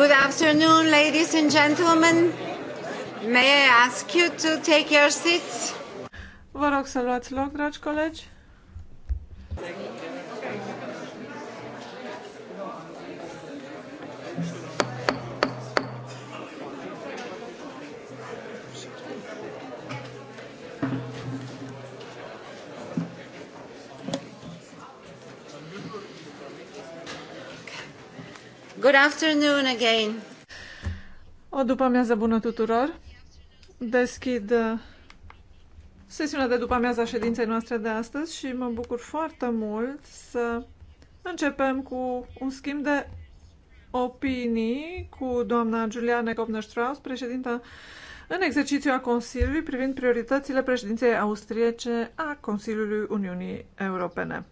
Good afternoon, ladies and gentlemen. May I ask you to take your seats? Vă rog să luați loc, dragi colegi. Thank you. Good afternoon again. O după amiază bună tuturor. Deschid uh, sesiunea de după amiază a ședinței noastre de astăzi și mă bucur foarte mult să începem cu un schimb de opinii cu doamna Juliane Copner-Strauss, președinta în exercițiu a Consiliului privind prioritățile președinției austriece a Consiliului Uniunii Europene.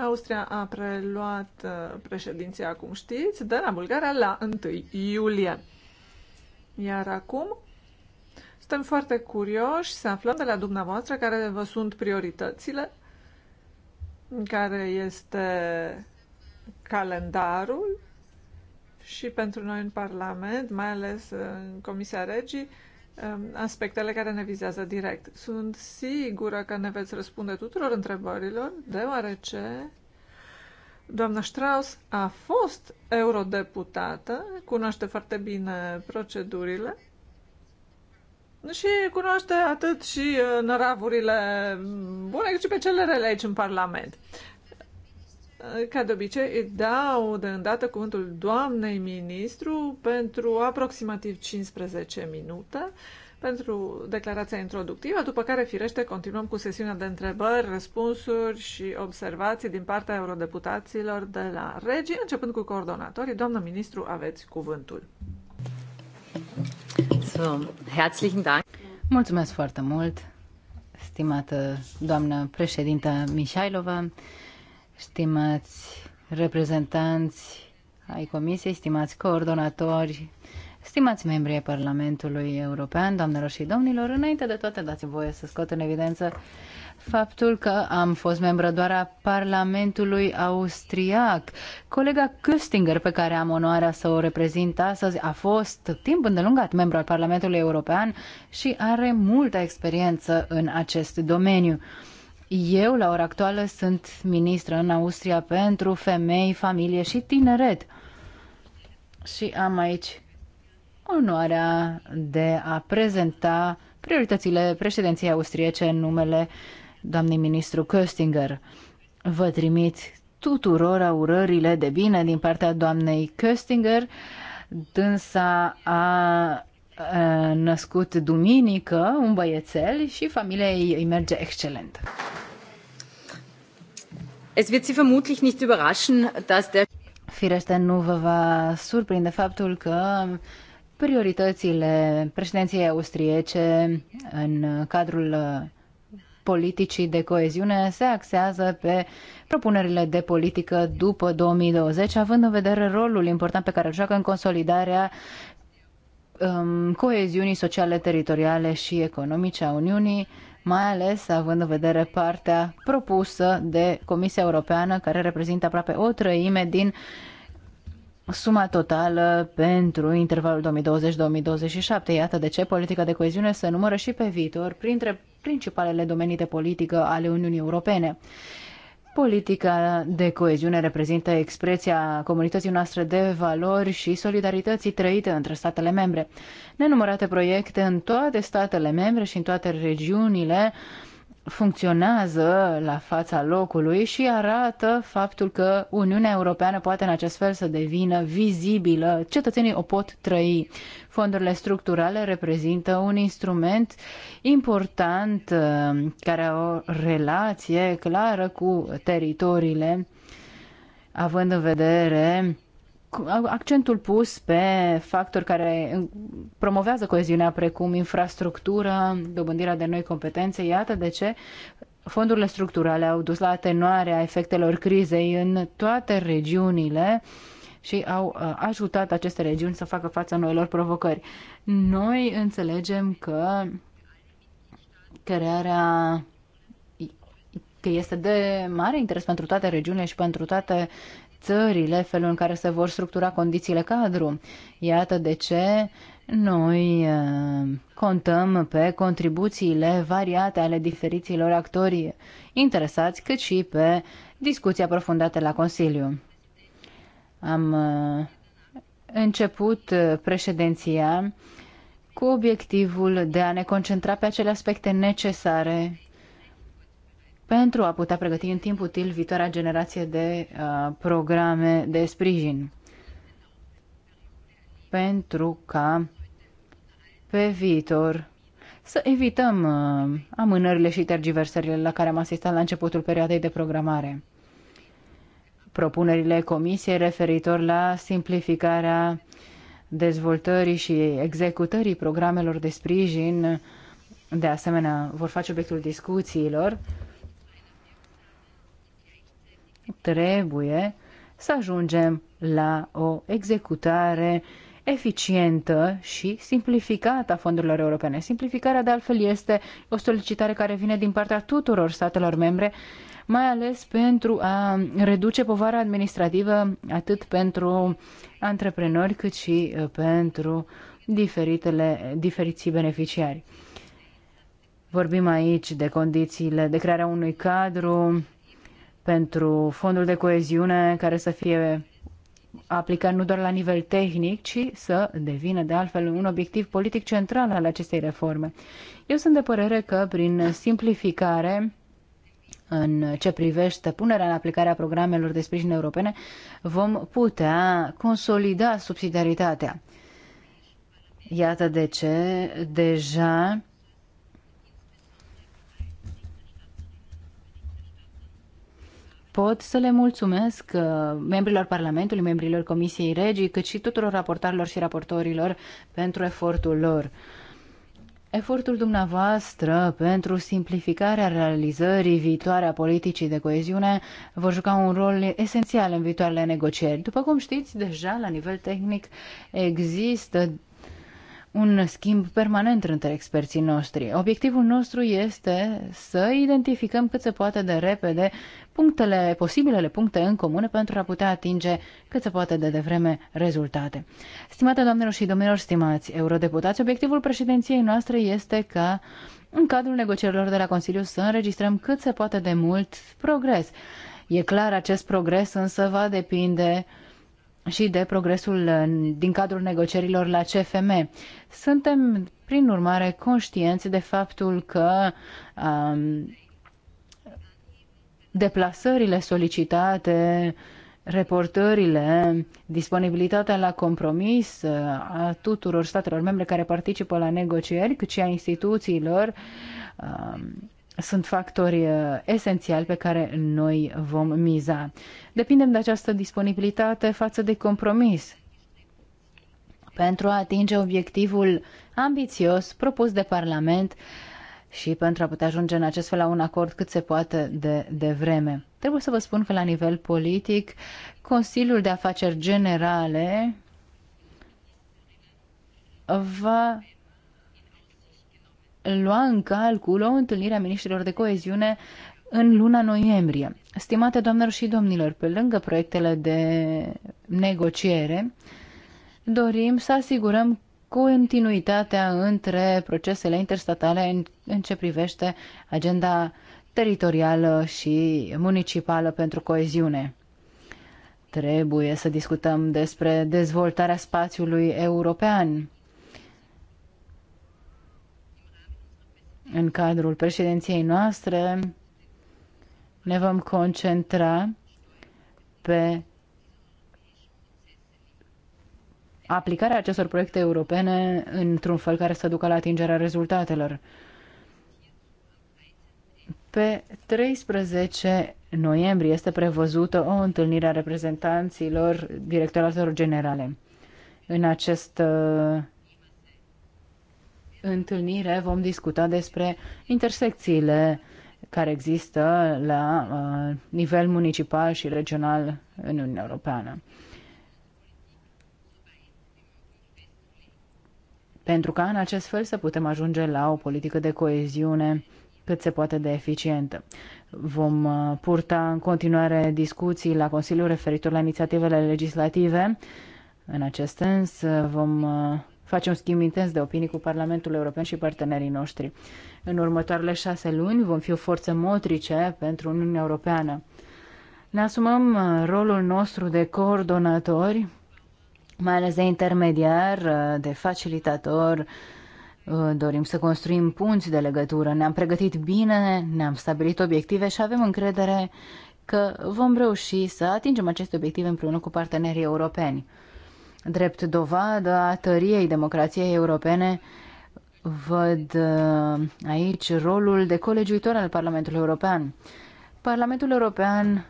Austria a preluat uh, președinția, cum știți, de la Bulgaria la 1 iulie. Iar acum suntem foarte curioși să aflăm de la dumneavoastră care vă sunt prioritățile, care este calendarul și pentru noi în Parlament, mai ales în Comisia Regii, Um, aspectele care ne vizează direct. Sunt sigură că ne veți răspunde tuturor întrebărilor, deoarece doamna Strauss a fost eurodeputată, cunoaște foarte bine procedurile și cunoaște atât și uh, năravurile bune, cât și pe cele rele aici în Parlament ca de obicei, îi dau de îndată cuvântul doamnei ministru pentru aproximativ 15 minute pentru declarația introductivă, după care, firește, continuăm cu sesiunea de întrebări, răspunsuri și observații din partea eurodeputaților de la Regi, începând cu coordonatorii. Doamnă ministru, aveți cuvântul. So, herzlichen Dank. Mulțumesc foarte mult, stimată doamnă președintă Mișailova, stimați reprezentanți ai Comisiei, stimați coordonatori, stimați membri ai Parlamentului European, doamnelor și domnilor, înainte de toate dați voie să scot în evidență faptul că am fost membră doar a Parlamentului austriac. Colega Köstinger, pe care am onoarea să o reprezint astăzi, a fost timp îndelungat membru al Parlamentului European și are multă experiență în acest domeniu. Eu, la ora actuală, sunt ministră în Austria pentru femei, familie și tineret. Și am aici onoarea de a prezenta prioritățile președinției austriece în numele doamnei ministru Köstinger. Vă trimit tuturor urările de bine din partea doamnei Köstinger. Dânsa a născut duminică un băiețel și familia ei îi merge excelent. Es wird Sie vermutlich nicht überraschen, dass der Firește, nu vă va surprinde faptul că prioritățile președinției austriece în cadrul politicii de coeziune se axează pe propunerile de politică după 2020, având în vedere rolul important pe care îl joacă în consolidarea um, coeziunii sociale, teritoriale și economice a Uniunii, mai ales având în vedere partea propusă de Comisia Europeană, care reprezintă aproape o trăime din suma totală pentru intervalul 2020-2027. Iată de ce politica de coeziune se numără și pe viitor printre principalele domenii de politică ale Uniunii Europene. Politica de coeziune reprezintă expresia comunității noastre de valori și solidarității trăite între statele membre. Nenumărate proiecte în toate statele membre și în toate regiunile uh, funcționează la fața locului și arată faptul că Uniunea Europeană poate în acest fel să devină vizibilă. Cetățenii o pot trăi. Fondurile structurale reprezintă un instrument important uh, care are o relație clară cu teritoriile, având în vedere accentul pus pe factori care promovează coeziunea, precum infrastructură, dobândirea de noi competențe. Iată de ce fondurile structurale au dus la atenuarea efectelor crizei în toate regiunile și au uh, ajutat aceste regiuni să facă față noilor provocări. Noi înțelegem că crearea că este de mare interes pentru toate regiunile și pentru toate țările, felul în care se vor structura condițiile cadru. Iată de ce noi eh, contăm pe contribuțiile variate ale diferiților actori interesați, cât și pe discuții aprofundate la Consiliu. Am eh, început eh, președinția cu obiectivul de a ne concentra pe acele aspecte necesare pentru a putea pregăti în timp util viitoarea generație de uh, programe de sprijin. Pentru ca pe viitor să evităm uh, amânările și tergiversările la care am asistat la începutul perioadei de programare. Propunerile comisiei referitor la simplificarea dezvoltării și executării programelor de sprijin, de asemenea, vor face obiectul discuțiilor trebuie să ajungem la o executare eficientă și simplificată a fondurilor europene. Simplificarea, de altfel, este o solicitare care vine din partea tuturor statelor membre, mai ales pentru a reduce povara administrativă atât pentru antreprenori cât și uh, pentru diferitele, diferiții beneficiari. Vorbim aici de condițiile de crearea unui cadru pentru fondul de coeziune care să fie aplicat nu doar la nivel tehnic, ci să devină de altfel un obiectiv politic central al acestei reforme. Eu sunt de părere că prin simplificare în ce privește punerea în aplicare a programelor de sprijin europene, vom putea consolida subsidiaritatea. Iată de ce deja pot să le mulțumesc uh, membrilor Parlamentului, membrilor Comisiei Regii, cât și tuturor raportarilor și raportorilor pentru efortul lor. Efortul dumneavoastră pentru simplificarea realizării viitoare a politicii de coeziune vor juca un rol esențial în viitoarele negocieri. După cum știți, deja la nivel tehnic există un schimb permanent între experții noștri. Obiectivul nostru este să identificăm cât se poate de repede punctele, posibilele puncte în comune pentru a putea atinge cât se poate de devreme rezultate. Stimate doamnelor și domnilor, stimați eurodeputați, obiectivul președinției noastre este ca în cadrul negocierilor de la Consiliu să înregistrăm cât se poate de mult progres. E clar, acest progres însă va depinde și de progresul din cadrul negocierilor la CFM. Suntem, prin urmare, conștienți de faptul că um, deplasările solicitate, reportările, disponibilitatea la compromis uh, a tuturor statelor membre care participă la negocieri, cât și a instituțiilor, um, sunt factori uh, esențiali pe care noi vom miza. Depindem de această disponibilitate față de compromis pentru a atinge obiectivul ambițios propus de Parlament și pentru a putea ajunge în acest fel la un acord cât se poate de, de vreme. Trebuie să vă spun că la nivel politic, Consiliul de Afaceri Generale va lua în calcul o întâlnire a ministrilor de coeziune în luna noiembrie. Stimate doamnelor și domnilor, pe lângă proiectele de negociere, dorim să asigurăm continuitatea între procesele interstatale în, în ce privește agenda teritorială și municipală pentru coeziune. Trebuie să discutăm despre dezvoltarea spațiului european. În cadrul președinției noastre ne vom concentra pe aplicarea acestor proiecte europene într-un fel care să ducă la atingerea rezultatelor. Pe 13 noiembrie este prevăzută o întâlnire a reprezentanților directoratelor generale. În această uh, întâlnire vom discuta despre intersecțiile care există la uh, nivel municipal și regional în Uniunea Europeană. pentru ca în acest fel să putem ajunge la o politică de coeziune cât se poate de eficientă. Vom uh, purta în continuare discuții la Consiliu referitor la inițiativele legislative. În acest sens uh, vom uh, face un schimb intens de opinii cu Parlamentul European și partenerii noștri. În următoarele șase luni vom fi o forță motrice pentru Uniunea Europeană. Ne asumăm rolul nostru de coordonatori mai ales de intermediar, uh, de facilitator. Uh, dorim să construim punți de legătură, ne-am pregătit bine, ne-am stabilit obiective și avem încredere că vom reuși să atingem aceste obiective împreună cu partenerii europeni. Drept dovadă a tăriei democrației europene, văd uh, aici rolul de colegiuitor al Parlamentului European. Parlamentul European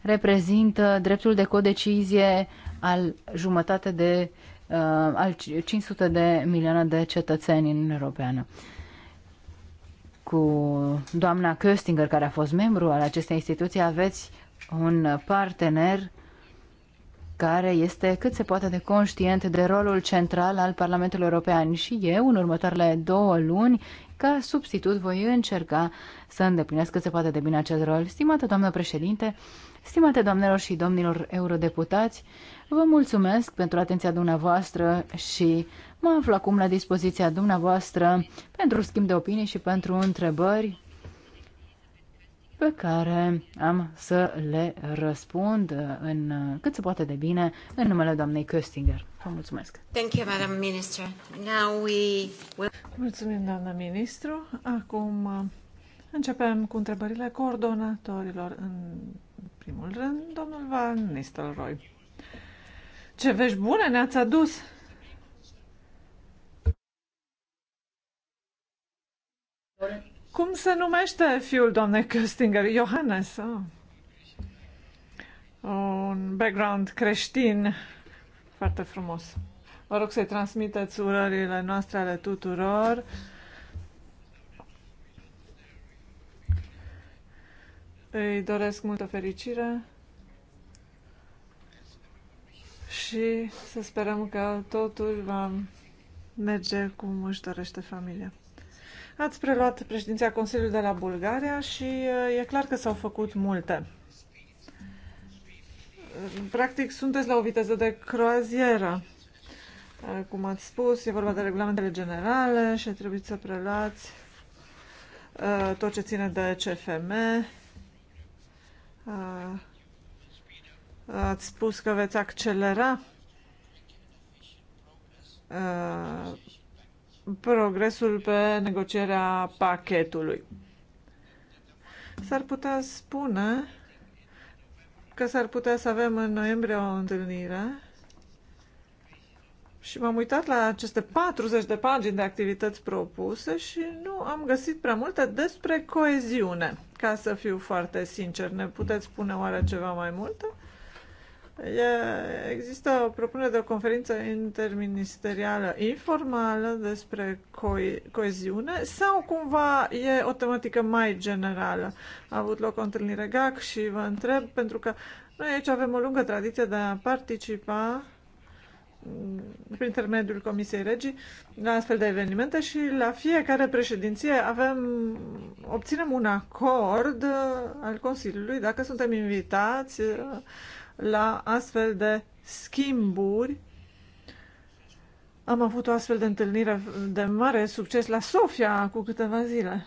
reprezintă dreptul de codecizie al jumătate de uh, al 500 de milioane de cetățeni în Europeană. Cu doamna Köstinger, care a fost membru al acestei instituții, aveți un partener care este cât se poate de conștient de rolul central al Parlamentului European și eu, în următoarele două luni, ca substitut voi încerca să îndeplinesc cât se poate de bine acest rol. Stimată doamnă președinte, stimate doamnelor și domnilor eurodeputați, Vă mulțumesc pentru atenția dumneavoastră și mă aflu acum la dispoziția dumneavoastră pentru schimb de opinii și pentru întrebări pe care am să le răspund în cât se poate de bine în numele doamnei Köstinger. Vă mulțumesc. Thank you, Madam Minister. Now we will... Mulțumim, doamna ministru. Acum uh, începem cu întrebările coordonatorilor. În primul rând, domnul Van Nistelrooy. Ce vești bune ne-ați adus! Cum se numește fiul doamnei Köstinger? Johannes. Oh. Un background creștin foarte frumos. Vă rog să-i transmiteți urările noastre ale tuturor. Îi doresc multă fericire și să sperăm că totul va merge cum își dorește familia. Ați preluat președinția Consiliului de la Bulgaria și uh, e clar că s-au făcut multe. Practic, sunteți la o viteză de croazieră. Uh, cum ați spus, e vorba de regulamentele generale și trebuie să preluați uh, tot ce ține de CFM, Ați spus că veți accelera uh, progresul pe negocierea pachetului. S-ar putea spune că s-ar putea să avem în noiembrie o întâlnire și m-am uitat la aceste 40 de pagini de activități propuse și nu am găsit prea multe despre coeziune. Ca să fiu foarte sincer, ne puteți spune oare ceva mai multe? Există o propunere de o conferință interministerială informală despre co- coeziune sau cumva e o tematică mai generală? A avut loc o întâlnire GAC și vă întreb pentru că noi aici avem o lungă tradiție de a participa mm, prin intermediul Comisiei Regii la astfel de evenimente și la fiecare președinție avem, obținem un acord uh, al Consiliului dacă suntem invitați uh, la astfel de schimburi. Am avut o astfel de întâlnire de mare succes la Sofia cu câteva zile.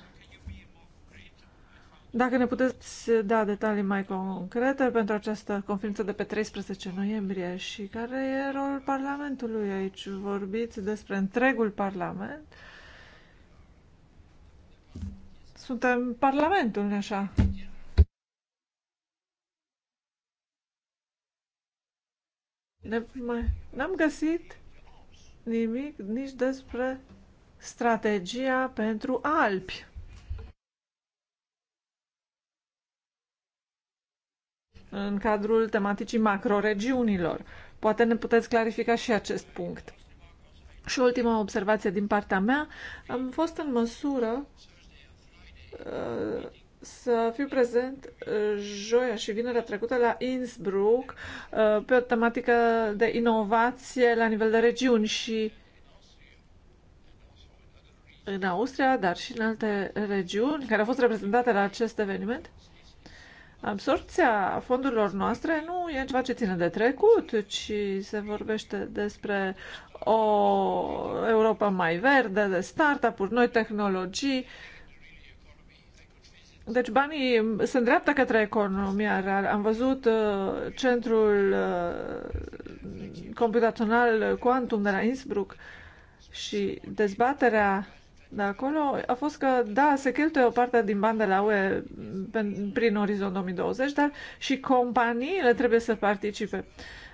Dacă ne puteți da detalii mai concrete pentru această conferință de pe 13 noiembrie și care e rolul Parlamentului aici? Vorbiți despre întregul Parlament. Suntem Parlamentul, așa? N-am găsit nimic nici despre strategia pentru Alpi. În cadrul tematicii macroregiunilor. Poate ne puteți clarifica și acest punct. Și ultima observație din partea mea, am fost în măsură uh, să fiu prezent uh, joia și vinerea trecută la Innsbruck uh, pe o tematică de inovație la nivel de regiuni și în Austria, dar și în alte regiuni care au fost reprezentate la acest eveniment. Absorpția fondurilor noastre nu e ceva ce ține de trecut, ci se vorbește despre o Europa mai verde, de startup-uri, noi tehnologii, uh, deci banii se îndreaptă către economia reală. Am văzut uh, centrul uh, computațional Quantum de la Innsbruck și dezbaterea de acolo a fost că, da, se cheltuie o parte din bani de la UE prin orizont 2020, dar și companiile trebuie să participe.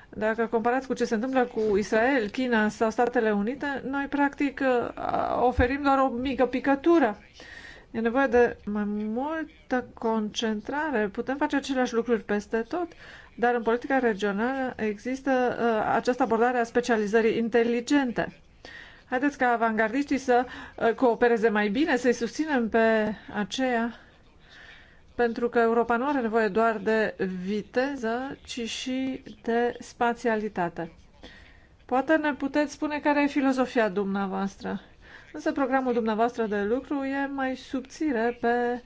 Dacă comparați cu ce se întâmplă cu Israel, China sau Statele Unite, noi practic uh, oferim doar o mică picătură. Uh, E nevoie de mai multă concentrare. Putem face aceleași lucruri peste tot, dar în politica regională există uh, această abordare a specializării inteligente. Haideți ca avangardiștii să uh, coopereze mai bine, să-i susținem pe aceea, pentru că Europa nu are nevoie doar de viteză, ci și de spațialitate. Poate ne puteți spune care e filozofia dumneavoastră Însă programul dumneavoastră de lucru e mai subțire pe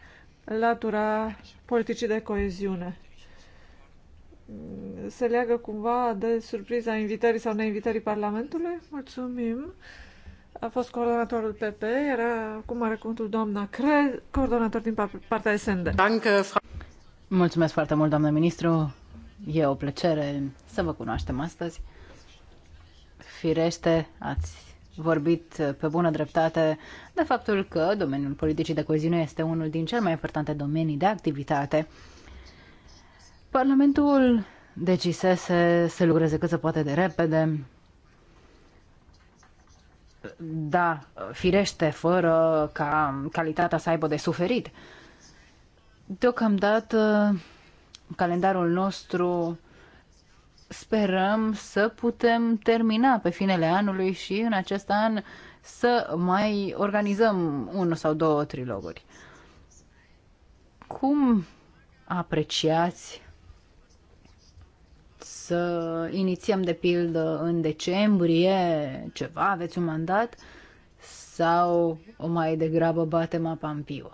latura politicii de coeziune. Se leagă cumva de surpriza invitării sau neinvitării Parlamentului? Mulțumim! A fost coordonatorul PP, era acum are cuvântul doamna Cre, coordonator din partea SND. Mulțumesc foarte mult, doamnă ministru. E o plăcere să vă cunoaștem astăzi. Firește, ați vorbit pe bună dreptate de faptul că domeniul politicii de coeziune este unul din cel mai importante domenii de activitate. Parlamentul decisese să lucreze cât se poate de repede. Da, firește, fără ca calitatea să aibă de suferit. Deocamdată, calendarul nostru sperăm să putem termina pe finele anului și în acest an să mai organizăm unul sau două triloguri. Cum apreciați să inițiem de pildă în decembrie ceva, aveți un mandat sau o mai degrabă batem apa în piuă?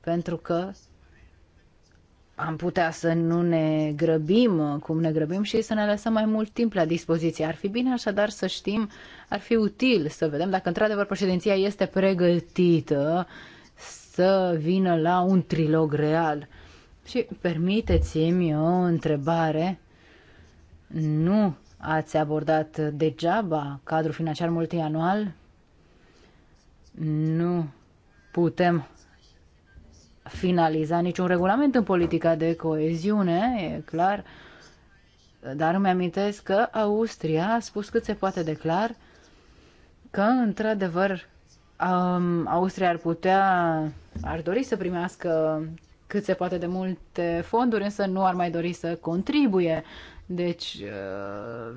Pentru că am putea să nu ne grăbim cum ne grăbim și să ne lăsăm mai mult timp la dispoziție. Ar fi bine așadar să știm, ar fi util să vedem dacă într-adevăr președinția este pregătită să vină la un trilog real. Și permiteți-mi o întrebare. Nu ați abordat degeaba cadrul financiar multianual? Nu putem finaliza niciun regulament în politica de coeziune, e clar, dar îmi amintesc că Austria a spus cât se poate de clar că, într-adevăr, Austria ar putea, ar dori să primească cât se poate de multe fonduri, însă nu ar mai dori să contribuie. Deci, uh,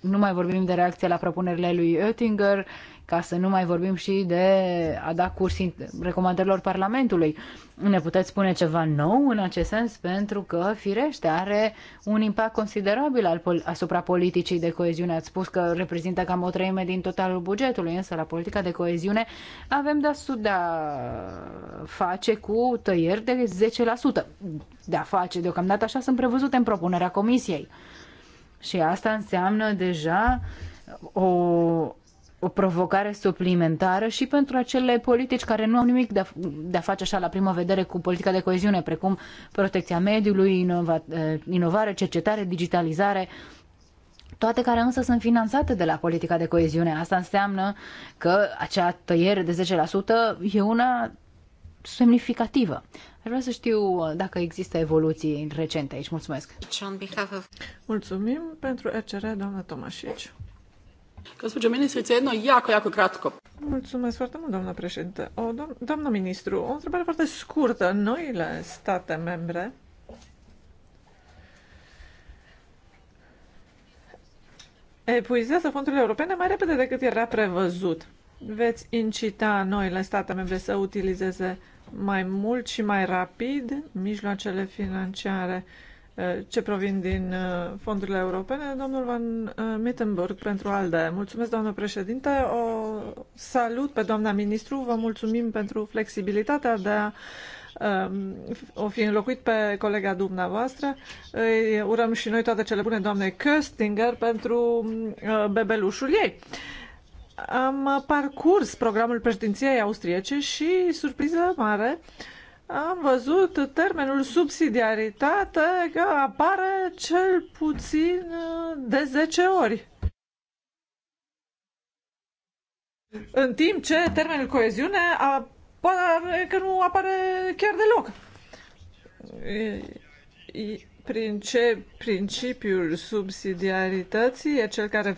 nu mai vorbim de reacția la propunerile lui Oettinger, ca să nu mai vorbim și de a da curs recomandărilor Parlamentului. Ne puteți spune ceva nou în acest sens? Pentru că, firește, are un impact considerabil al pol- asupra politicii de coeziune. Ați spus că reprezintă cam o treime din totalul bugetului, însă la politica de coeziune avem de a, de a face cu tăieri de 10%. De a face, deocamdată așa sunt prevăzute în propunerea Comisiei. Și asta înseamnă deja o o provocare suplimentară și pentru acele politici care nu au nimic de a, de a face așa la prima vedere cu politica de coeziune, precum protecția mediului, inova, eh, inovare, cercetare, digitalizare, toate care însă sunt finanțate de la politica de coeziune. Asta înseamnă că acea tăiere de 10% e una semnificativă. Aș vrea să știu eh, dacă există evoluții recente aici. Mulțumesc! Mulțumim pentru RCR, doamna Tomașici. Gospođo ministrice, jedno jako, jako kratko. Mulțumesc foarte mult, doamna președinte. O, do- doamna ministru, o întrebare foarte scurtă. Noile state membre epuizează fondurile europene mai repede decât era prevăzut. Veți incita noile state membre să utilizeze mai mult și mai rapid mijloacele financiare uh, Eh, ce provin din eh, fondurile europene, domnul Van eh, Mittenburg pentru ALDE. Mulțumesc, doamnă președinte. O salut pe doamna ministru. Vă mulțumim pentru flexibilitatea de a o fi înlocuit pe colega dumneavoastră. Îi urăm și noi toate cele bune doamnei Köstinger pentru bebelușul ei. Am parcurs programul președinției austriece și, surpriză mare, am văzut termenul subsidiaritate că apare cel puțin uh, de 10 ori. În timp ce termenul coeziune apare că nu apare chiar deloc. Prin ce principiul subsidiarității e cel care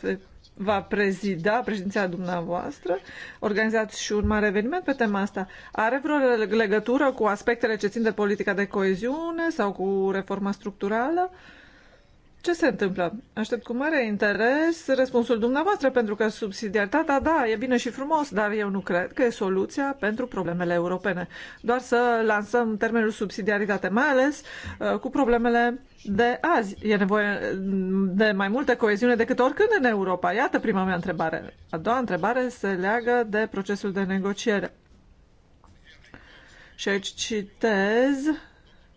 va prezida președinția dumneavoastră. Organizați și un mare eveniment pe tema asta. Are vreo legătură cu aspectele ce țin de politica de coeziune sau cu reforma structurală? Uh, ce se întâmplă? Aștept cu mare interes răspunsul dumneavoastră, pentru că subsidiaritatea, da, e bine și frumos, dar eu nu cred că e soluția pentru problemele europene. Doar să lansăm termenul subsidiaritate, mai ales uh, cu problemele de azi. E nevoie mm, de mai multă coeziune decât oricând în Europa. Iată prima mea întrebare. A doua întrebare se leagă de procesul de negociere. Și aici citez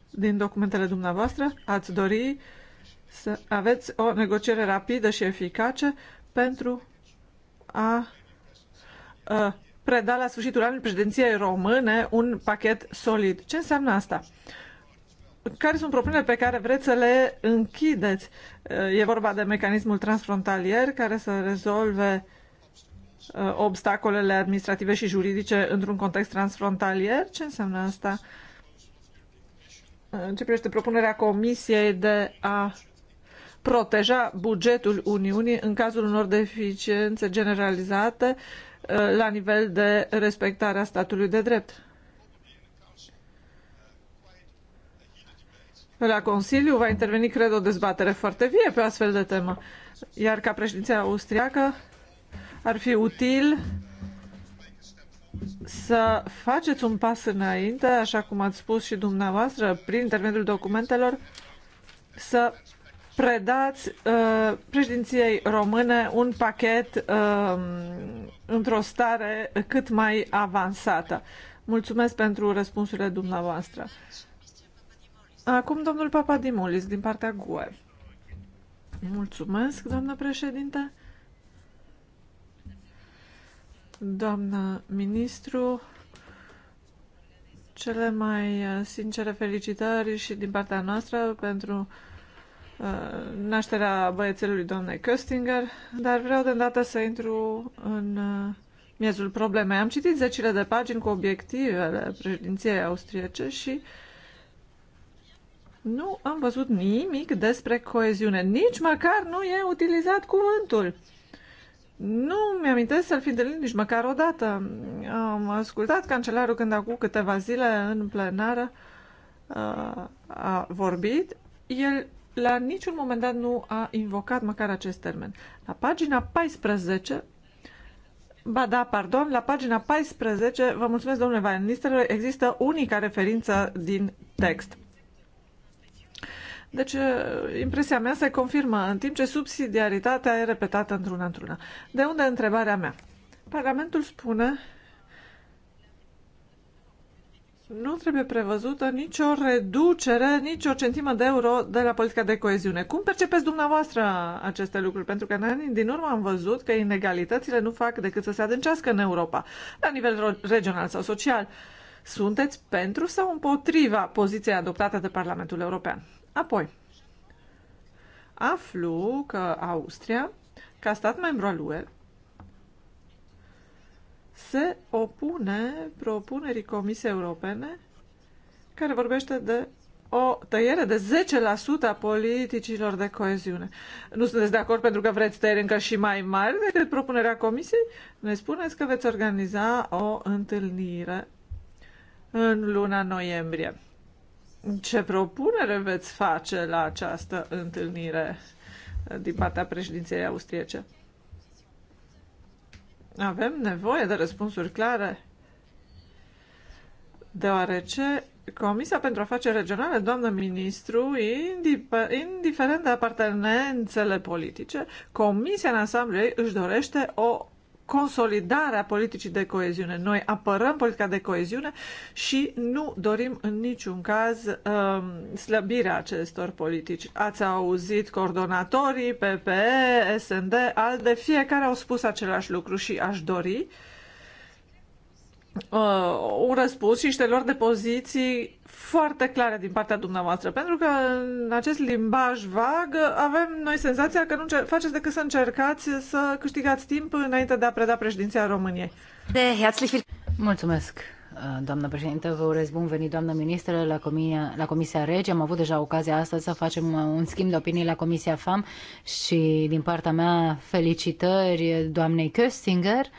din documentele dumneavoastră, ați dori uh, să aveți o negociere rapidă și eficace pentru a, a preda la sfârșitul anului președinției române un pachet solid. Ce înseamnă asta? Care sunt propunerile pe care vreți să le închideți? E vorba de mecanismul transfrontalier care să rezolve obstacolele administrative și juridice într-un context transfrontalier? Ce înseamnă asta? În ce privește propunerea Comisiei de a proteja bugetul Uniunii în cazul unor deficiențe generalizate uh, la nivel de respectarea statului de drept. La Consiliu va interveni, cred, o dezbatere foarte vie pe astfel de temă. Iar ca președinția austriacă ar fi util să faceți un pas înainte, așa cum ați spus și dumneavoastră, prin intermediul documentelor, să predați uh, președinției române un pachet uh, într-o stare cât mai avansată. Mulțumesc pentru răspunsurile dumneavoastră. Acum domnul Papadimulis din partea GUE. Mulțumesc, doamnă președinte. Doamnă ministru, cele mai sincere felicitări și din partea noastră pentru uh, Uh, nașterea băiețelului doamnei Köstinger, dar vreau de îndată să intru în uh, miezul problemei. Am citit zecile de pagini cu obiectivele președinției austriece și nu am văzut nimic despre coeziune. Nici măcar nu e utilizat cuvântul. Nu mi-amintesc să-l fi întâlnit nici măcar o dată. Am ascultat cancelarul când acum câteva zile în plenară uh, a vorbit. El la niciun moment dat nu a invocat măcar acest termen. La pagina 14, ba da, pardon, la pagina 14, vă mulțumesc, domnule Van există unica referință din text. Deci, uh, impresia mea se confirmă, în timp ce subsidiaritatea e repetată într-una într-una. De unde întrebarea mea? Parlamentul spune nu trebuie prevăzută nicio reducere, nicio centimă de euro de la politica de coeziune. Cum percepeți dumneavoastră aceste lucruri? Pentru că în anii din urmă am văzut că inegalitățile nu fac decât să se adâncească în Europa, la nivel regional sau social. Sunteți pentru sau împotriva poziției adoptate de Parlamentul European? Apoi, aflu că Austria, ca stat membru al UE, se opune propunerii Comisiei Europene care vorbește de o tăiere de 10% a politicilor de coeziune. Nu sunteți de acord pentru că vreți tăieri încă și mai mari decât propunerea Comisiei? Ne spuneți că veți organiza o întâlnire în luna noiembrie. Ce propunere veți face la această întâlnire din partea președinției austriece? Avem nevoie de răspunsuri clare, deoarece Comisia pentru Afaceri Regionale, doamnă ministru, indiferent de apartenențele politice, Comisia în Asamblei își dorește o consolidarea politicii de coeziune. Noi apărăm politica de coeziune și nu dorim în niciun caz um, slăbirea acestor politici. Ați auzit coordonatorii, PPE, SND, ALDE, fiecare au spus același lucru și aș dori uh, uh, un răspuns și niște lor de poziții foarte clare din partea dumneavoastră, pentru că în acest limbaj vag avem noi senzația că nu faceți decât să încercați să câștigați timp înainte de a preda președinția României. De Mulțumesc! Uh, doamnă președintă, vă urez bun venit, doamnă ministră, la, comia, la Comisia Rege. Am avut deja ocazia astăzi să facem uh, un schimb de opinii la Comisia FAM și din partea mea felicitări doamnei Köstinger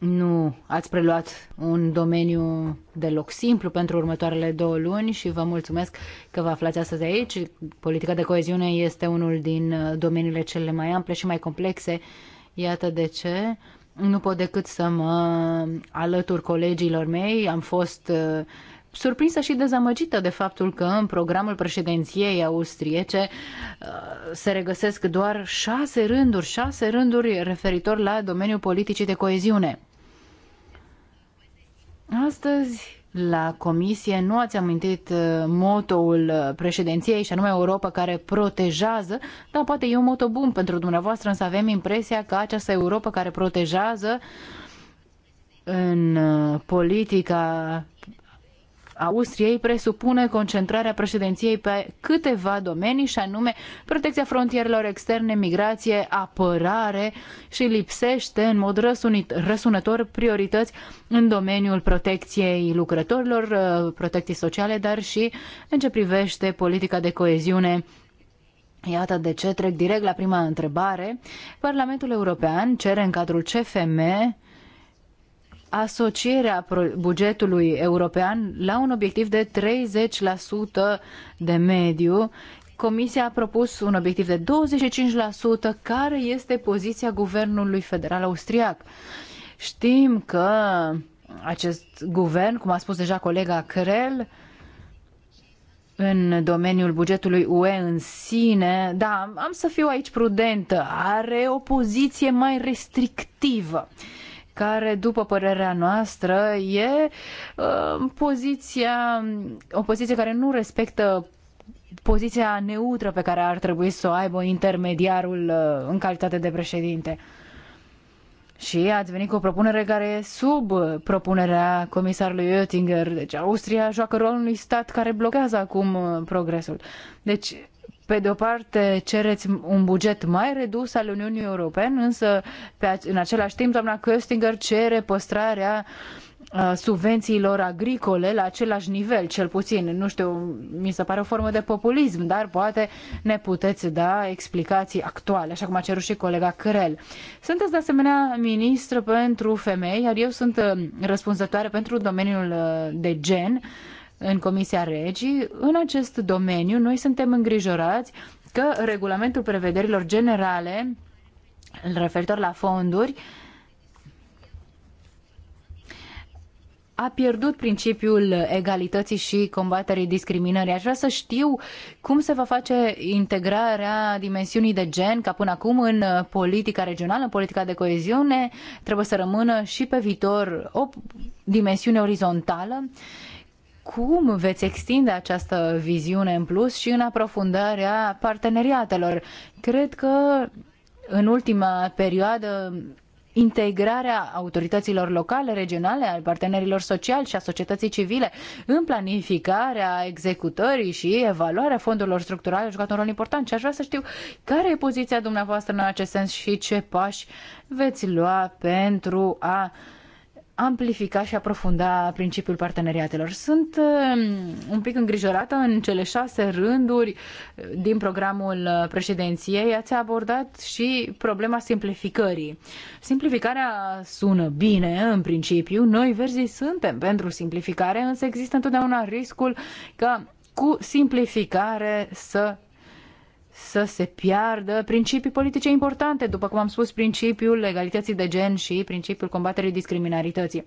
nu ați preluat un domeniu deloc simplu pentru următoarele două luni și vă mulțumesc că vă aflați astăzi aici. Politica de coeziune este unul din uh, domeniile cele mai ample și mai complexe. Iată de ce nu pot decât să mă alătur colegilor mei. Am fost uh, surprinsă și dezamăgită de faptul că în programul președinției austriece uh, se regăsesc doar șase rânduri, șase rânduri referitor la domeniul politicii de coeziune. Astăzi, la comisie, nu ați amintit uh, motoul uh, președinției și anume Europa care protejează, dar poate e un moto bun pentru dumneavoastră, însă avem impresia că această Europa care protejează în uh, politica Austriei presupune concentrarea președinției pe câteva domenii și anume protecția frontierelor externe, migrație, apărare și lipsește în mod răsunit, răsunător priorități în domeniul protecției lucrătorilor, uh, protecției sociale, dar și în ce privește politica de coeziune Iată de ce trec direct la prima întrebare. Parlamentul European cere în cadrul CFM asocierea bugetului european la un obiectiv de 30% de mediu. Comisia a propus un obiectiv de 25%, care este poziția guvernului federal austriac. Știm că acest guvern, cum a spus deja colega Crel, în domeniul bugetului UE în sine, da, am să fiu aici prudentă, are o poziție mai restrictivă care, după părerea noastră, e uh, poziția, o poziție care nu respectă poziția neutră pe care ar trebui să o aibă intermediarul uh, în calitate de președinte. Și ați venit cu o propunere care e sub propunerea comisarului Oettinger. Deci Austria joacă rolul unui stat care blochează acum uh, progresul. Deci pe de o parte cereți un buget mai redus al Uniunii Europene, însă pe, în același timp doamna Köstinger cere păstrarea uh, subvențiilor agricole la același nivel, cel puțin. Nu știu, mi se pare o formă de populism, dar poate ne puteți da explicații actuale, așa cum a cerut și colega Cărel. Sunteți de asemenea ministră pentru femei, iar eu sunt uh, răspunzătoare pentru domeniul uh, de gen. Uh, în Comisia Regii, în acest domeniu noi suntem îngrijorați că regulamentul prevederilor generale referitor la fonduri a pierdut principiul egalității și combaterii discriminării. Aș vrea să știu cum se va face integrarea dimensiunii de gen, ca până acum în politica regională, în politica de coeziune, trebuie să rămână și pe viitor o dimensiune orizontală cum veți extinde această viziune în plus și în aprofundarea parteneriatelor. Cred că în ultima perioadă integrarea autorităților locale, regionale, al partenerilor sociali și a societății civile în planificarea executării și evaluarea fondurilor structurale a jucat un rol important și aș vrea să știu care e poziția dumneavoastră în acest sens și ce pași veți lua pentru a uh, amplifica și aprofunda principiul parteneriatelor. Sunt um, un pic îngrijorată în cele șase rânduri uh, din programul uh, președinției. Ați abordat și problema simplificării. Simplificarea sună bine, în principiu. Noi, verzii, suntem pentru simplificare, însă există întotdeauna riscul că cu simplificare să să se piardă principii politice importante, după cum am spus, principiul legalității de gen și principiul combaterii discriminarității.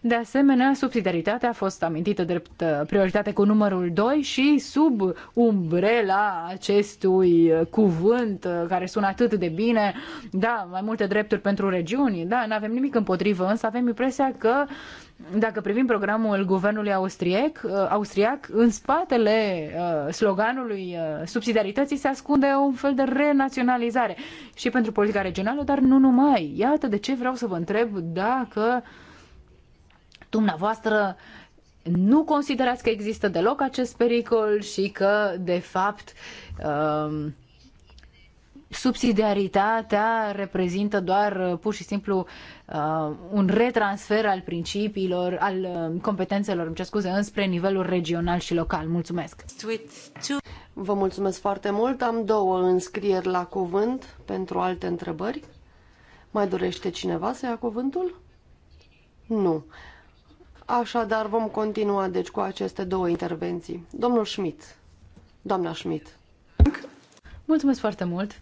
De asemenea, subsidiaritatea a fost amintită drept uh, prioritate cu numărul 2 și sub umbrela acestui uh, cuvânt uh, care sună atât de bine, da, mai multe drepturi pentru regiuni, da, nu avem nimic împotrivă, însă avem impresia că dacă privim programul guvernului austriec, uh, austriac, în spatele uh, sloganului uh, subsidiarității se ascunde un fel de renaționalizare și pentru politica regională, dar nu numai. Iată de ce vreau să vă întreb dacă dumneavoastră nu considerați că există deloc acest pericol și că, de fapt, um, subsidiaritatea reprezintă doar pur și simplu uh, un retransfer al principiilor, al uh, competențelor, îmi cer scuze, înspre nivelul regional și local. Mulțumesc! Vă mulțumesc foarte mult. Am două înscrieri la cuvânt pentru alte întrebări. Mai dorește cineva să ia cuvântul? Nu. Așadar, vom continua deci cu aceste două intervenții. Domnul Schmidt, doamna Schmidt. Mulțumesc foarte mult!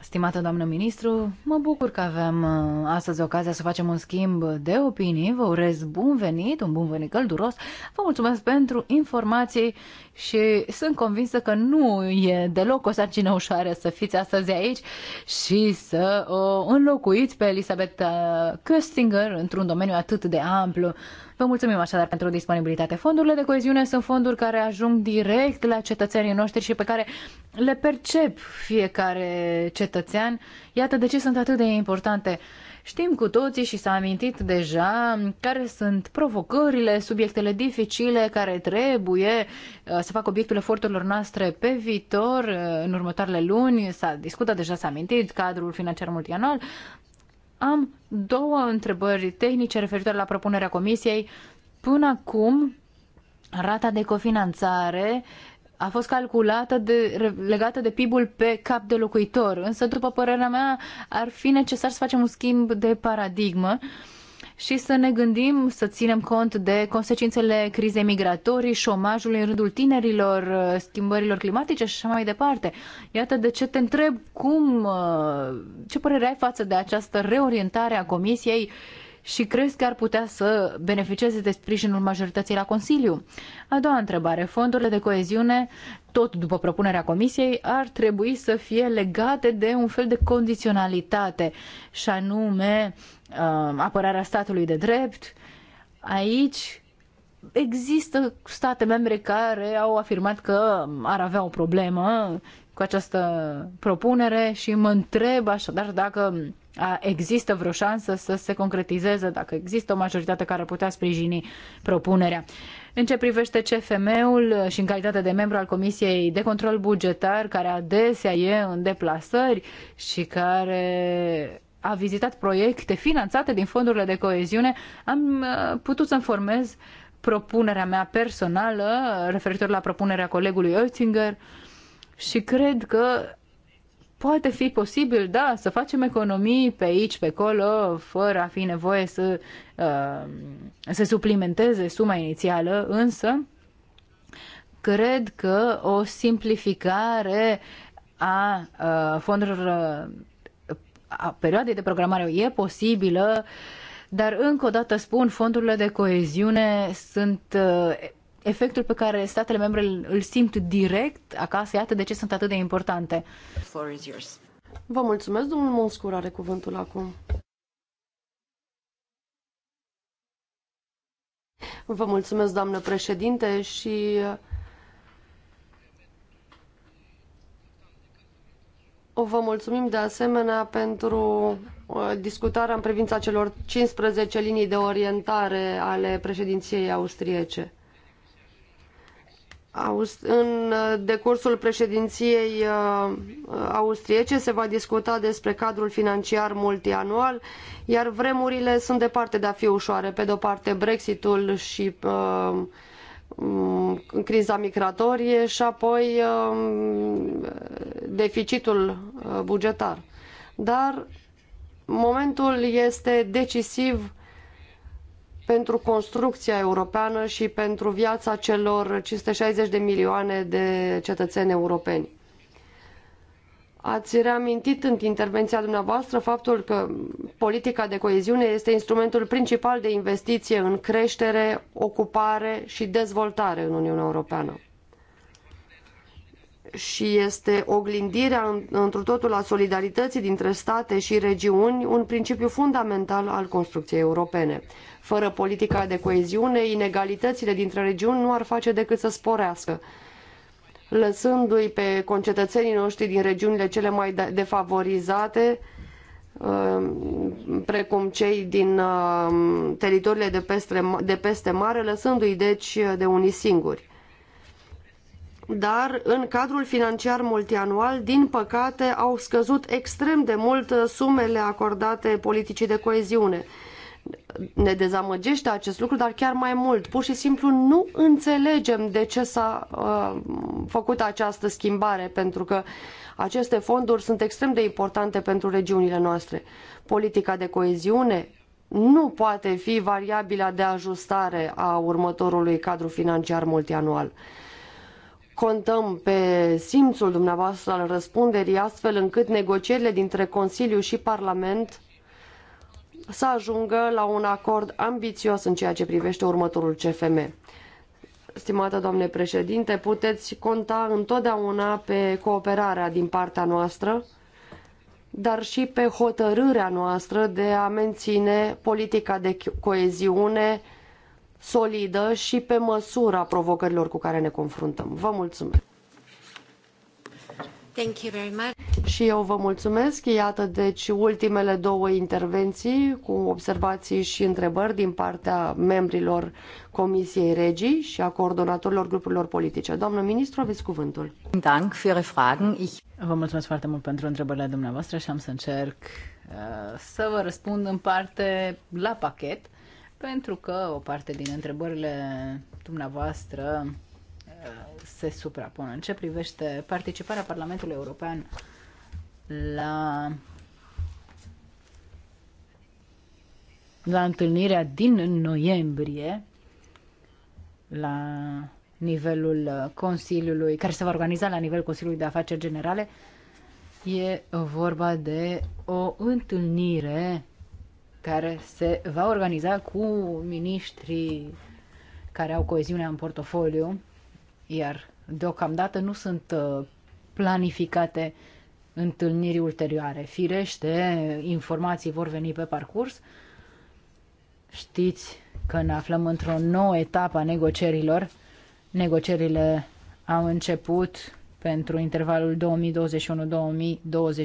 Stimată doamnă ministru, mă bucur că avem uh, astăzi ocazia să facem un schimb de opinii. Vă urez bun venit, un bun venit călduros. Vă mulțumesc pentru informații și sunt convinsă că nu e deloc o sarcină ușoară să fiți astăzi aici și să o înlocuiți pe Elisabeta uh, Köstinger într-un domeniu atât de amplu. Vă mulțumim așadar pentru disponibilitate. Fondurile de coeziune sunt fonduri care ajung direct la cetățenii noștri și pe care le percep fiecare cetățean. Iată de ce sunt atât de importante. Știm cu toții și s-a amintit deja care sunt provocările, subiectele dificile care trebuie uh, să facă obiectul eforturilor noastre pe viitor, uh, în următoarele luni. S-a discutat deja, s-a amintit cadrul financiar multianual, am două întrebări tehnice referitoare la propunerea comisiei. Până acum, rata de cofinanțare a fost calculată de, legată de PIB-ul pe cap de locuitor, însă, după părerea mea, ar fi necesar să facem un schimb de paradigmă. Uh, și să ne gândim să ținem cont de consecințele crizei migratorii, șomajului în rândul tinerilor, schimbărilor climatice și așa mai departe. Iată de ce te întreb cum, ce părere ai față de această reorientare a Comisiei și crezi că ar putea să beneficieze de sprijinul majorității la Consiliu? A doua întrebare. Fondurile de coeziune, tot după propunerea Comisiei, ar trebui să fie legate de un fel de condiționalitate, și anume uh, apărarea statului de drept. Aici există state membre care au afirmat că ar avea o problemă cu această propunere și mă întreb așadar dacă există vreo șansă să se concretizeze, dacă există o majoritate care putea sprijini propunerea. În ce privește CFM-ul și în calitate de membru al Comisiei de Control Bugetar, care adesea e în deplasări și care a vizitat proiecte finanțate din fondurile de coeziune, am uh, putut să informez propunerea mea personală referitor la propunerea colegului Oettinger și cred că poate fi posibil, da, să facem economii pe aici, pe acolo, fără a fi nevoie să uh, se suplimenteze suma inițială, însă cred că o simplificare a uh, fondurilor uh, a perioadei de programare e posibilă, dar încă o dată spun, fondurile de coeziune sunt uh, efectul pe care statele membre îl simt direct acasă, iată de ce sunt atât de importante. Vă mulțumesc, domnul Monscur are cuvântul acum. Vă mulțumesc, doamnă președinte, și vă mulțumim de asemenea pentru uh, discutarea în privința celor 15 linii de orientare ale președinției austriece. În uh, decursul președinției uh, uh, austriece se va discuta despre cadrul financiar multianual, iar vremurile sunt departe de a fi ușoare. Pe de-o parte, Brexitul și uh, mm, criza migratorie și apoi um, uh, deficitul bugetar. Dar momentul este decisiv pentru construcția europeană și pentru viața celor 560 de milioane de cetățeni europeni. Ați reamintit în intervenția dumneavoastră faptul că politica de coeziune este instrumentul principal de investiție în creștere, ocupare și dezvoltare în Uniunea Europeană. Și este oglindirea întru totul a solidarității dintre state și regiuni, un principiu fundamental al construcției europene. Fără politica de coeziune, inegalitățile dintre regiuni nu ar face decât să sporească lăsându-i pe concetățenii noștri din regiunile cele mai defavorizate, um, precum cei din um, teritoriile de peste, de peste mare, lăsându-i deci de unii singuri. Dar în cadrul financiar multianual, din păcate, au scăzut extrem de mult uh, sumele acordate politicii de coeziune ne dezamăgește acest lucru, dar chiar mai mult. Pur și simplu nu înțelegem de ce s-a uh, făcut această schimbare, pentru că aceste fonduri sunt extrem de importante pentru regiunile noastre. Politica de coeziune nu poate fi variabila de ajustare a următorului cadru financiar multianual. Contăm pe simțul dumneavoastră al răspunderii astfel încât negocierile dintre Consiliu și Parlament să ajungă la un acord ambițios în ceea ce privește următorul CFM. Stimată doamne președinte, puteți conta întotdeauna pe cooperarea din partea noastră, dar și pe hotărârea noastră de a menține politica de coeziune solidă și pe măsura provocărilor cu care ne confruntăm. Vă mulțumesc! Și eu vă mulțumesc. Iată, deci, ultimele două intervenții cu observații și întrebări din partea membrilor Comisiei Regii și a coordonatorilor grupurilor politice. Doamnă ministru, aveți cuvântul. Vă mulțumesc foarte mult pentru întrebările dumneavoastră și am să încerc uh, să vă răspund în parte la pachet, pentru că o parte din întrebările dumneavoastră se suprapun. În ce privește participarea Parlamentului European la la întâlnirea din noiembrie la nivelul Consiliului, care se va organiza la nivelul Consiliului de Afaceri Generale, e vorba de o întâlnire care se va organiza cu miniștrii care au coeziunea în portofoliu iar deocamdată nu sunt uh, planificate întâlniri ulterioare. Firește, informații vor veni pe parcurs. Știți că ne aflăm într-o nouă etapă a negocierilor. Negocierile au început pentru intervalul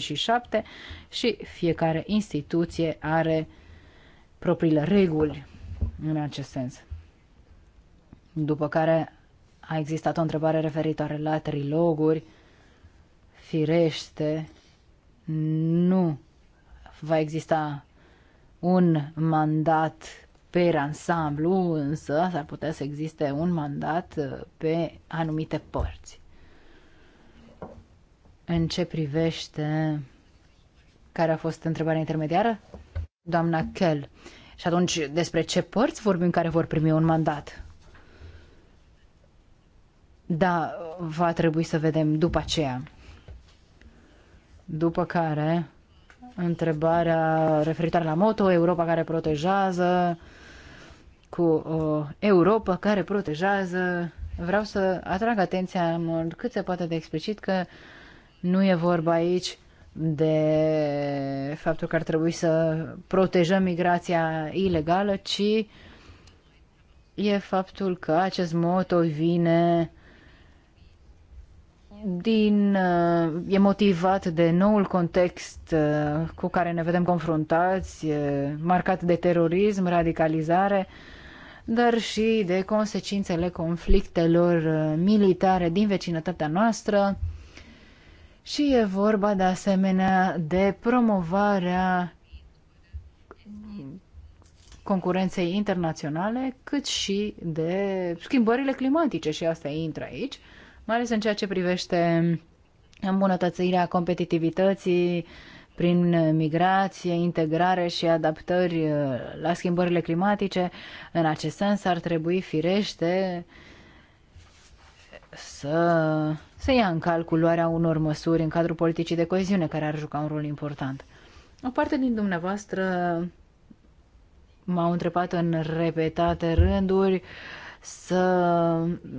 2021-2027 și fiecare instituție are propriile reguli în acest sens. După care a existat o întrebare referitoare la triloguri. Firește, nu va exista un mandat pe ansamblu, însă s-ar putea să existe un mandat uh, pe anumite părți. În ce privește care a fost întrebarea intermediară? Doamna Kell. Și atunci, despre ce părți vorbim care vor primi un mandat? Da, va trebui să vedem după aceea. După care, întrebarea referitoare la moto, Europa care protejează, cu o Europa care protejează. Vreau să atrag atenția în mod cât se poate de explicit că nu e vorba aici de faptul că ar trebui să protejăm migrația ilegală, ci e faptul că acest moto vine din, uh, e motivat de noul context uh, cu care ne vedem confruntați, marcat de terorism, radicalizare, dar și de consecințele conflictelor uh, militare din vecinătatea noastră. Și e vorba de asemenea de promovarea concurenței internaționale, cât și de schimbările climatice și asta intră aici mai ales în ceea ce privește îmbunătățirea competitivității prin migrație, integrare și adaptări uh, la schimbările climatice. În acest sens ar trebui firește să se ia în calcul luarea unor măsuri în cadrul politicii de coeziune care ar juca un rol important. O parte din dumneavoastră m-au întrebat în repetate rânduri uh, să,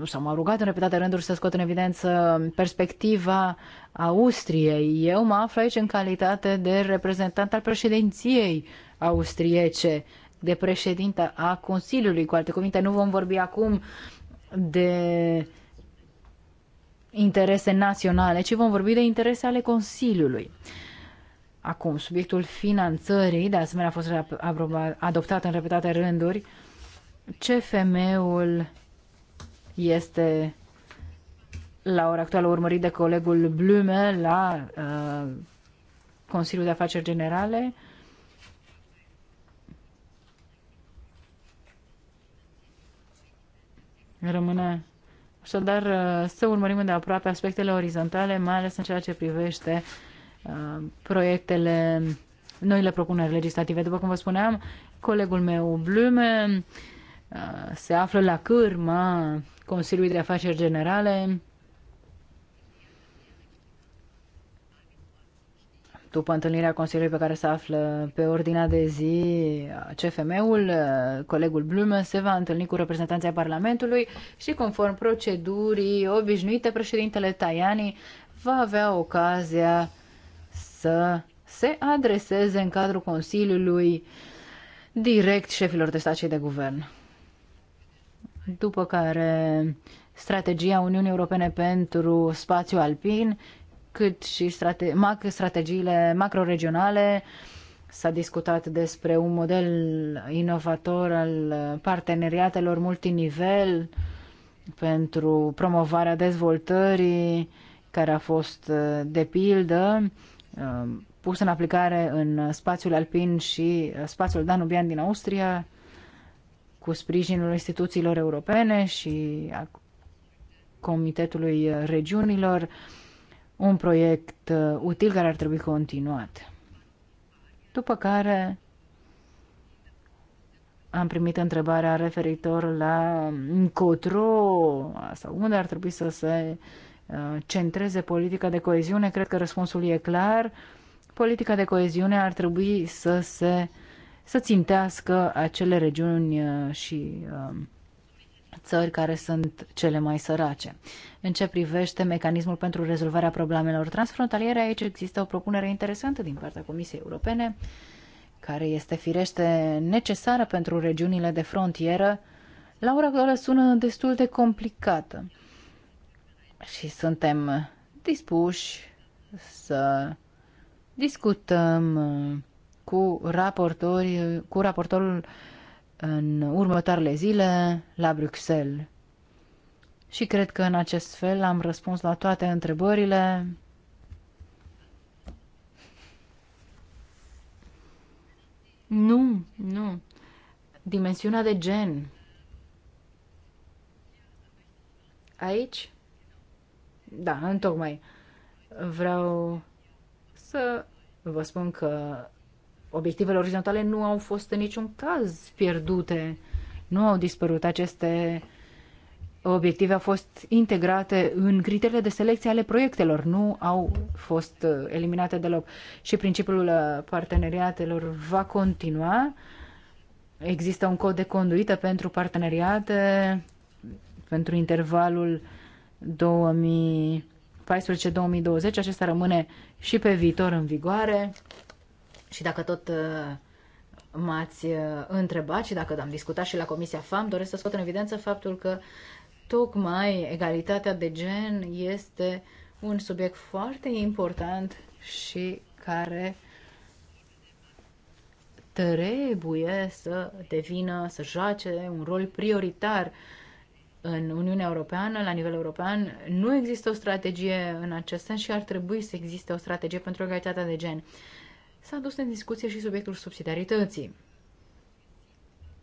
sau m-au rugat în repetate rânduri să scot în evidență perspectiva Austriei. Eu mă aflu aici în calitate de reprezentant al președinției austriece, de președinte a Consiliului. Cu alte cuvinte, nu vom vorbi acum de interese naționale, ci vom vorbi de interese ale Consiliului. Acum, subiectul finanțării, de asemenea, a fost adoptat în repetate rânduri. CFM-ul este la ora actuală urmărit de colegul Blume la uh, Consiliul de Afaceri Generale. Rămâne așadar uh, să urmărim de aproape aspectele orizontale, mai ales în ceea ce privește uh, proiectele, noile propuneri legislative. După cum vă spuneam, colegul meu Blume Uh, se află la cârma Consiliului de Afaceri Generale. După întâlnirea Consiliului pe care se află pe ordinea de zi CFM-ul, uh, colegul Blume se va întâlni cu reprezentanții Parlamentului și conform procedurii obișnuite, președintele Tajani va avea ocazia să se adreseze în cadrul Consiliului direct șefilor de stat și de guvern după care strategia Uniunii Europene pentru spațiu alpin, cât și strate- mac- strategiile macroregionale. S-a discutat despre un model inovator al parteneriatelor multinivel pentru promovarea dezvoltării, care a fost uh, de pildă uh, pus în aplicare în spațiul alpin și uh, spațiul danubian din Austria, cu sprijinul instituțiilor europene și a Comitetului Regiunilor, un proiect uh, util care ar trebui continuat. După care am primit întrebarea referitor la încotro sau unde ar trebui să se uh, centreze politica de coeziune. Cred că răspunsul e clar. Politica de coeziune ar trebui să se să țintească acele regiuni uh, și um, țări care sunt cele mai sărace. În ce privește mecanismul pentru rezolvarea problemelor transfrontaliere, aici există o propunere interesantă din partea Comisiei Europene, care este firește necesară pentru regiunile de frontieră, la ora actuală sună destul de complicată. Și suntem dispuși să discutăm uh, cu, raportori, cu raportorul în următoarele zile la Bruxelles. Și cred că în acest fel am răspuns la toate întrebările. Nu, nu. Dimensiunea de gen. Aici? Da, întocmai. Vreau să vă spun că obiectivele orizontale nu au fost în niciun caz pierdute, nu au dispărut. Aceste obiective au fost integrate în criteriile de selecție ale proiectelor, nu au fost uh, eliminate deloc. Și principiul uh, parteneriatelor va continua. Există un cod de conduită pentru parteneriate, pentru intervalul 2014-2020, acesta rămâne și pe viitor în vigoare. Și dacă tot uh, m-ați uh, întrebat și dacă am discutat și la Comisia FAM, doresc să scot în evidență faptul că tocmai egalitatea de gen este un subiect foarte important și care trebuie să devină, să joace un rol prioritar în Uniunea Europeană, la nivel european. Nu există o strategie în acest sens și ar trebui să existe o strategie pentru egalitatea de gen s-a dus în discuție și subiectul subsidiarității.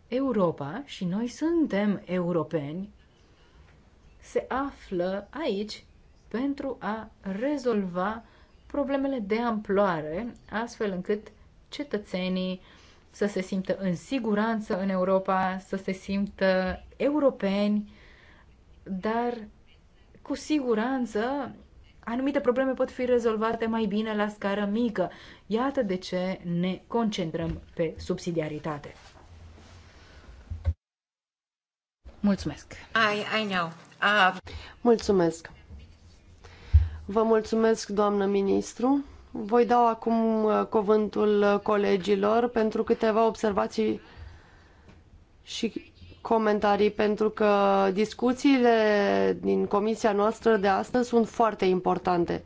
Europa și noi suntem europeni, se află aici pentru a rezolva problemele de amploare, astfel încât cetățenii să se simtă în siguranță în Europa, să se simtă europeni, dar cu siguranță anumite probleme pot fi rezolvate mai bine la scară mică. Iată de ce ne concentrăm pe subsidiaritate. Mulțumesc. I, I know. Uh... Mulțumesc. Vă mulțumesc, doamnă ministru. Voi da acum uh, cuvântul colegilor pentru câteva observații și comentarii pentru că discuțiile din comisia noastră de astăzi sunt foarte importante.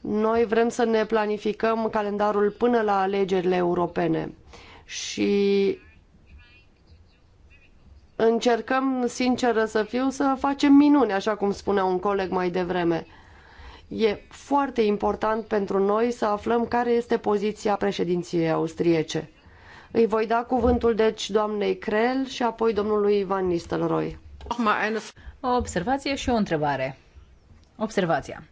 Noi vrem să ne planificăm calendarul până la alegerile europene și încercăm, sinceră să fiu, să facem minuni, așa cum spunea un coleg mai devreme. E foarte important pentru noi să aflăm care este poziția președinției austriece. Îi voi da cuvântul, deci, doamnei Crel și apoi domnului Van Nistelrooy. O observație și o întrebare. Observația.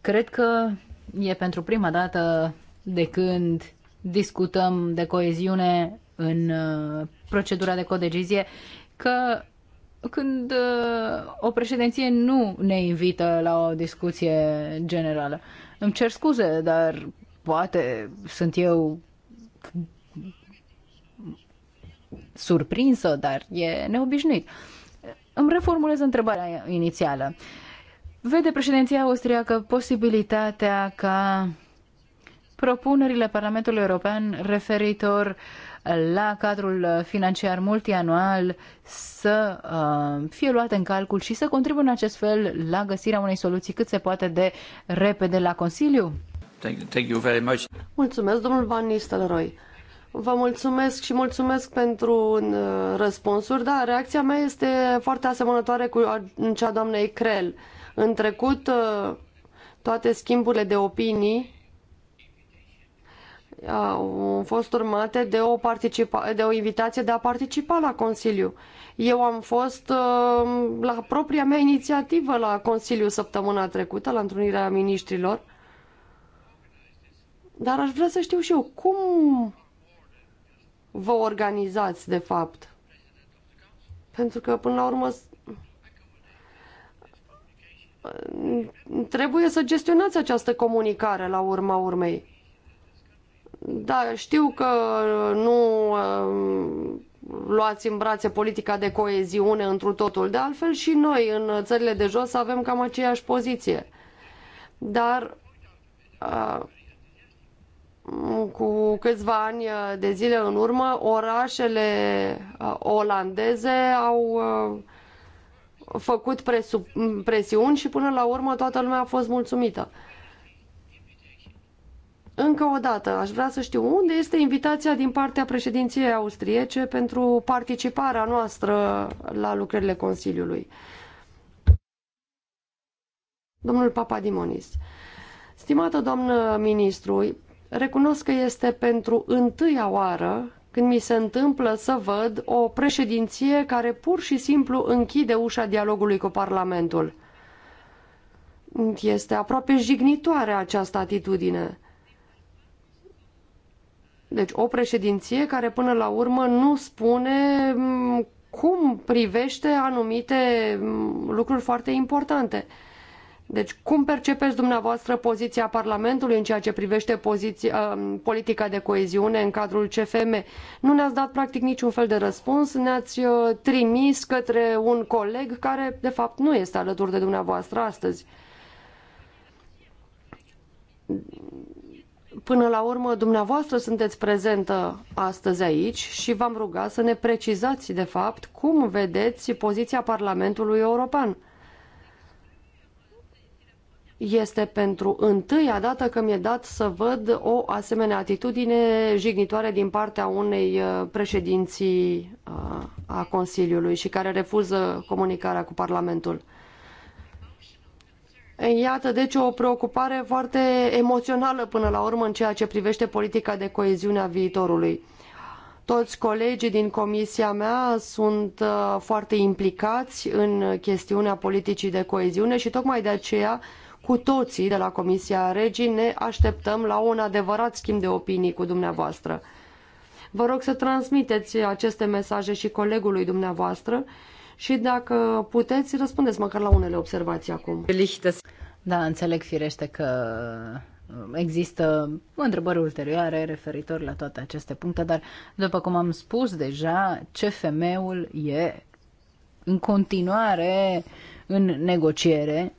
Cred că e pentru prima dată de când discutăm de coeziune în uh, procedura de codecizie că când uh, o președinție nu ne invită la o discuție generală. Îmi cer scuze, dar poate sunt eu surprinsă, dar e neobișnuit. Îmi reformulez întrebarea inițială. Vede președinția austriacă posibilitatea ca propunerile Parlamentului European referitor la cadrul financiar multianual să uh, fie luate în calcul și să contribuie în acest fel la găsirea unei soluții cât se poate de repede la Consiliu? Thank you very much. Mulțumesc, domnul Van Nistelrooy. Vă mulțumesc și mulțumesc pentru uh, răspunsuri. Da, reacția mea este foarte asemănătoare cu cea doamnei Crel. În trecut, uh, toate schimburile de opinii au fost urmate de o, participa- de o invitație de a participa la Consiliu. Eu am fost uh, la propria mea inițiativă la Consiliu săptămâna trecută, la întrunirea ministrilor. Dar aș vrea să știu și eu cum vă organizați, de fapt. Pentru că, până la urmă, trebuie să gestionați această comunicare la urma urmei. Da, știu că nu um, luați în brațe politica de coeziune întru totul. De altfel și noi în țările de jos avem cam aceeași poziție. Dar uh, cu câțiva ani de zile în urmă, orașele uh, olandeze au uh, făcut presiuni și până la urmă toată lumea a fost mulțumită. Încă o dată, aș vrea să știu unde este invitația din partea președinției austriece pentru participarea noastră la lucrările Consiliului. Domnul Papadimonis. Stimată doamnă ministru, Recunosc că este pentru întâia oară când mi se întâmplă să văd o președinție care pur și simplu închide ușa dialogului cu Parlamentul. Este aproape jignitoare această atitudine. Deci o președinție care până la urmă nu spune mm, cum privește anumite mm, lucruri foarte importante. Deci, cum percepeți dumneavoastră poziția Parlamentului în ceea ce privește poziția, uh, politica de coeziune în cadrul CFM? Nu ne-ați dat practic niciun fel de răspuns, ne-ați uh, trimis către un coleg care, de fapt, nu este alături de dumneavoastră astăzi. Până la urmă, dumneavoastră sunteți prezentă astăzi aici și v-am rugat să ne precizați, de fapt, cum vedeți poziția Parlamentului European este pentru întâia dată că mi-e dat să văd o asemenea atitudine jignitoare din partea unei uh, președinții uh, a Consiliului și care refuză comunicarea cu Parlamentul. Iată, deci, o preocupare foarte emoțională până la urmă în ceea ce privește politica de coeziune a viitorului. Toți colegii din comisia mea sunt uh, foarte implicați în chestiunea politicii de coeziune și tocmai de aceea cu toții de la Comisia Regii ne așteptăm la un adevărat schimb de opinii cu dumneavoastră. Vă rog să transmiteți aceste mesaje și colegului dumneavoastră și dacă puteți, răspundeți măcar la unele observații acum. Da, înțeleg firește că există întrebări ulterioare referitor la toate aceste puncte, dar după cum am spus deja, CFM-ul e în continuare în negociere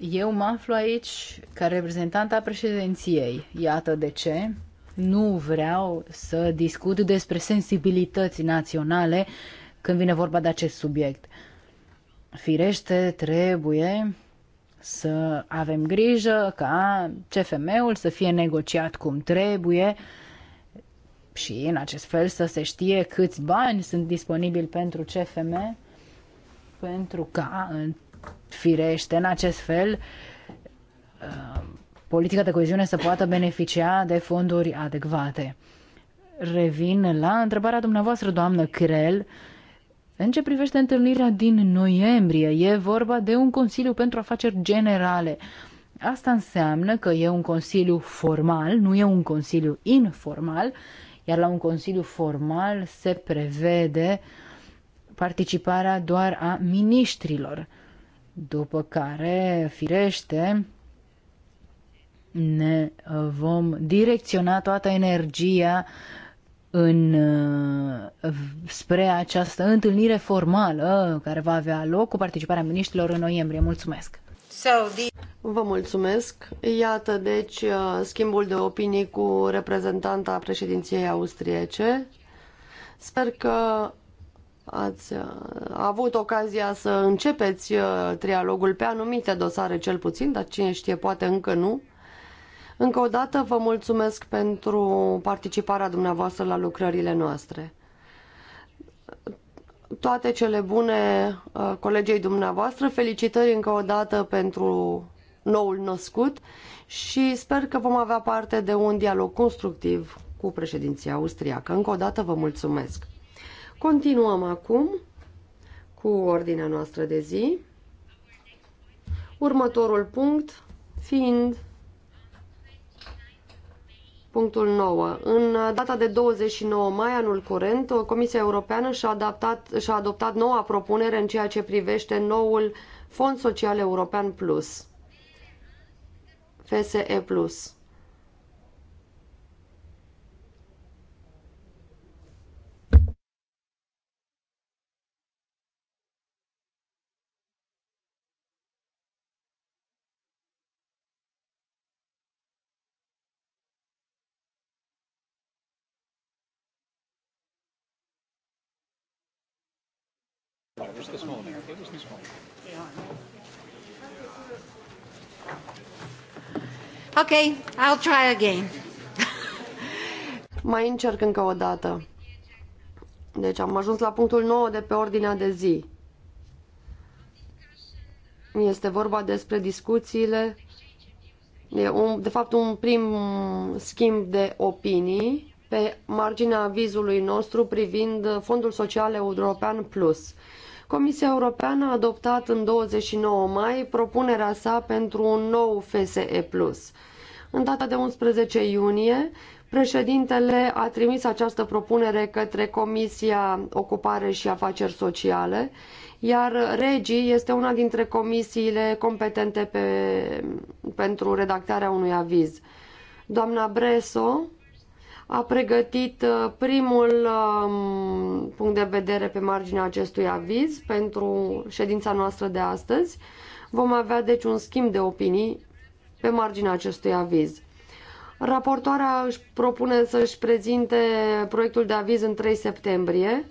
eu mă aflu aici ca reprezentanta a președinției. Iată de ce. Nu vreau să discut despre sensibilități naționale când vine vorba de acest subiect. Firește, trebuie să avem grijă ca CFM-ul să fie negociat cum trebuie și în acest fel să se știe câți bani sunt disponibili pentru CFM pentru ca în Firește, în acest fel, uh, politica de coeziune să poată beneficia de fonduri adecvate. Revin la întrebarea dumneavoastră, doamnă Crel, în ce privește întâlnirea din noiembrie, e vorba de un Consiliu pentru Afaceri Generale. Asta înseamnă că e un Consiliu formal, nu e un Consiliu informal, iar la un Consiliu formal se prevede participarea doar a miniștrilor după care, firește, ne uh, vom direcționa toată energia în, uh, spre această întâlnire formală care va avea loc cu participarea ministrilor în noiembrie. Mulțumesc! Vă mulțumesc. Iată, deci, uh, schimbul de opinii cu reprezentanta președinției austriece. Sper că Ați uh, avut ocazia să începeți uh, trialogul pe anumite dosare cel puțin, dar cine știe, poate încă nu. Încă o dată vă mulțumesc pentru participarea dumneavoastră la lucrările noastre. Toate cele bune uh, colegei dumneavoastră, felicitări încă o dată pentru noul născut și sper că vom avea parte de un dialog constructiv cu președinția austriacă. Încă o dată vă mulțumesc. Continuăm acum cu ordinea noastră de zi. Următorul punct fiind Punctul 9. În data de 29 mai anul curent, Comisia Europeană și-a, și adoptat noua propunere în ceea ce privește noul Fond Social European Plus, FSE Plus. this morning. It was this morning. Okay, I'll try again. Mai încerc încă o dată. Deci am ajuns la punctul 9 de pe ordinea de zi. Este vorba despre discuțiile, de, un, de fapt un prim schimb de opinii pe marginea avizului nostru privind Fondul Social European Plus. Comisia Europeană a adoptat în 29 mai propunerea sa pentru un nou FSE+. În data de 11 iunie, președintele a trimis această propunere către Comisia Ocupare și Afaceri Sociale, iar Regi este una dintre comisiile competente pe, pentru redactarea unui aviz. Doamna Breso, a pregătit uh, primul um, punct de vedere pe marginea acestui aviz pentru ședința noastră de astăzi. Vom avea deci un schimb de opinii pe marginea acestui aviz. Raportoarea își propune să-și prezinte proiectul de aviz în 3 septembrie,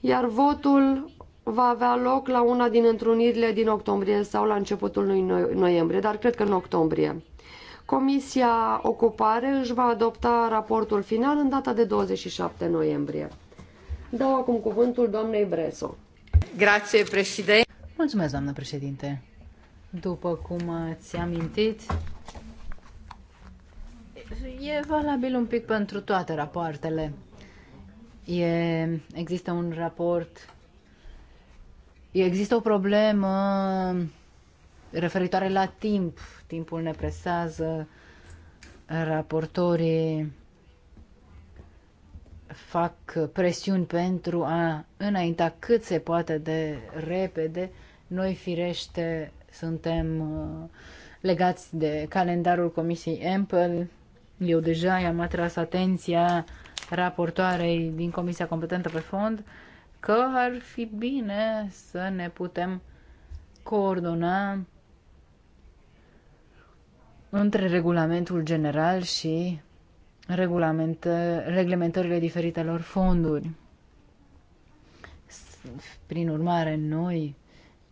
iar votul va avea loc la una din întrunirile din octombrie sau la începutul lui noiembrie, dar cred că în octombrie. Comisia Ocupare își va adopta raportul final în data de 27 noiembrie. Dau acum cuvântul doamnei Breso. Grație, președinte. Mulțumesc, doamnă președinte. După cum ți am amintit, e valabil un pic pentru toate rapoartele. E, există un raport, există o problemă referitoare la timp timpul ne presează, raportorii fac presiuni pentru a înainta cât se poate de repede. Noi, firește, suntem uh, legați de calendarul Comisiei Ample. Eu deja i-am atras atenția raportoarei din Comisia Competentă pe Fond că ar fi bine să ne putem coordona între regulamentul general și regulament reglementările diferitelor fonduri. Prin urmare, noi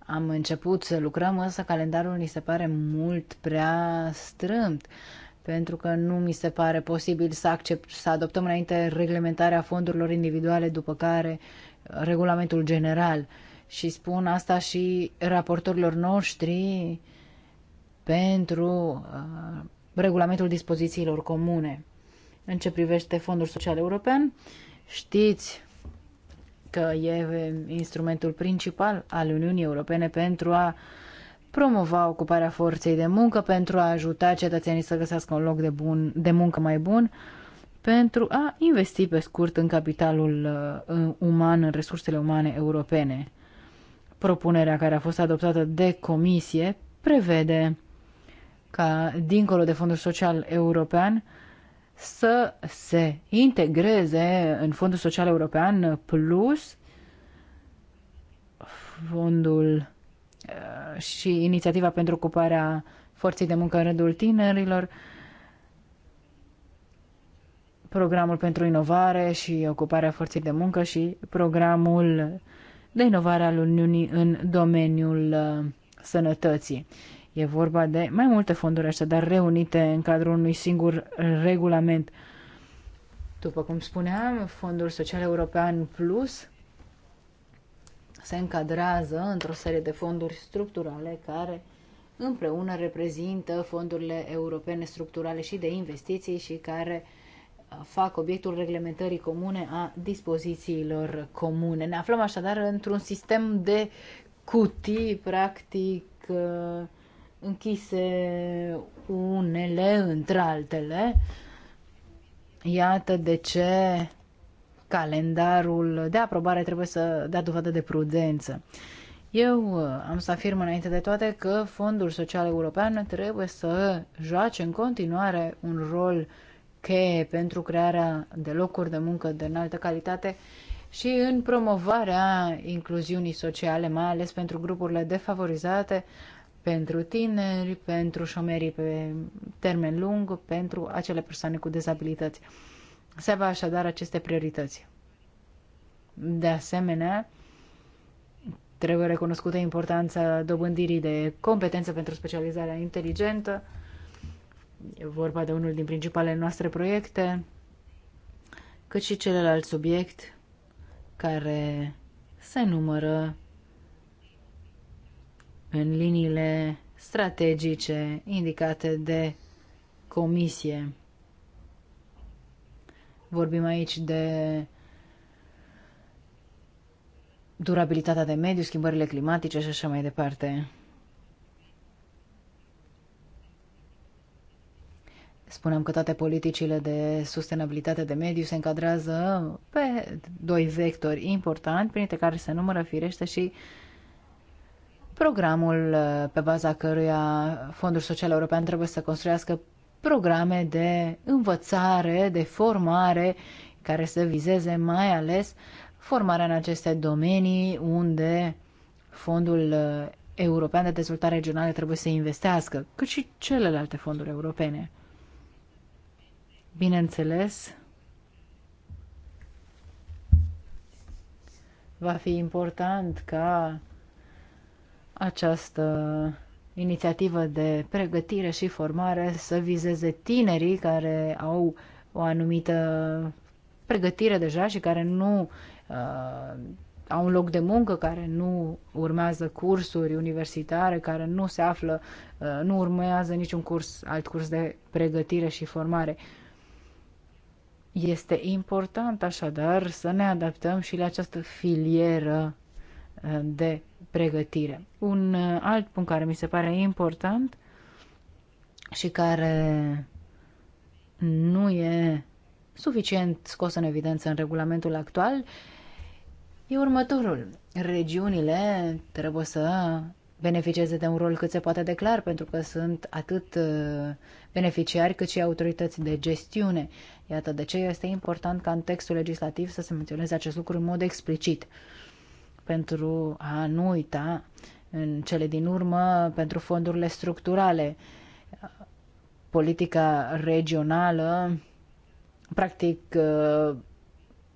am început să lucrăm, însă calendarul ni se pare mult prea strâmt, pentru că nu mi se pare posibil să, accept, să adoptăm înainte reglementarea fondurilor individuale, după care regulamentul general. Și spun asta și raportorilor noștri pentru uh, regulamentul dispozițiilor comune. În ce privește Fondul Social European, știți că e instrumentul principal al Uniunii Europene pentru a promova ocuparea forței de muncă, pentru a ajuta cetățenii să găsească un loc de, bun, de muncă mai bun, pentru a investi pe scurt în capitalul uh, uman, în resursele umane europene. Propunerea care a fost adoptată de comisie prevede ca, dincolo de Fondul Social European, să se integreze în Fondul Social European plus fondul uh, și inițiativa pentru ocuparea forței de muncă în rândul tinerilor, programul pentru inovare și ocuparea forței de muncă și programul de inovare al Uniunii în domeniul uh, sănătății. E vorba de mai multe fonduri dar reunite în cadrul unui singur regulament. După cum spuneam, Fondul Social European Plus se încadrează într-o serie de fonduri structurale care împreună reprezintă fondurile europene structurale și de investiții și care uh, fac obiectul reglementării comune a dispozițiilor comune. Ne aflăm așadar într-un sistem de cutii, practic, uh, închise unele între altele. Iată de ce calendarul de aprobare trebuie să dea dovadă de prudență. Eu uh, am să afirm înainte de toate că Fondul Social European trebuie să joace în continuare un rol cheie pentru crearea de locuri de muncă de înaltă calitate și în promovarea incluziunii sociale, mai ales pentru grupurile defavorizate, pentru tineri, pentru șomerii pe termen lung, pentru acele persoane cu dezabilități. Se va așadar aceste priorități. De asemenea, trebuie recunoscută importanța dobândirii de competențe pentru specializarea inteligentă. E vorba de unul din principalele noastre proiecte, cât și celălalt subiect care se numără în liniile strategice indicate de comisie. Vorbim aici de durabilitatea de mediu, schimbările climatice și așa mai departe. Spuneam că toate politicile de sustenabilitate de mediu se încadrează pe doi vectori importanti, printre care se numără firește și uh, programul uh, pe baza căruia Fondul Social European trebuie să construiască programe de învățare, de formare, care să vizeze mai ales formarea în aceste domenii unde Fondul uh, European de Dezvoltare Regională trebuie să investească, cât și celelalte fonduri europene. Bineînțeles, va fi important ca această inițiativă de pregătire și formare să vizeze tinerii care au o anumită pregătire deja și care nu uh, au un loc de muncă, care nu urmează cursuri universitare, care nu se află, uh, nu urmează niciun curs, alt curs de pregătire și formare. Este important așadar să ne adaptăm și la această filieră de pregătire. Un uh, alt punct care mi se pare important și care nu e suficient scos în evidență în regulamentul actual e următorul. Regiunile trebuie să beneficieze de un rol cât se poate declar pentru că sunt atât uh, beneficiari cât și autorități de gestiune. Iată de ce este important ca în textul legislativ să se menționeze acest lucru în mod explicit pentru a nu uita în cele din urmă pentru fondurile structurale. Politica regională, practic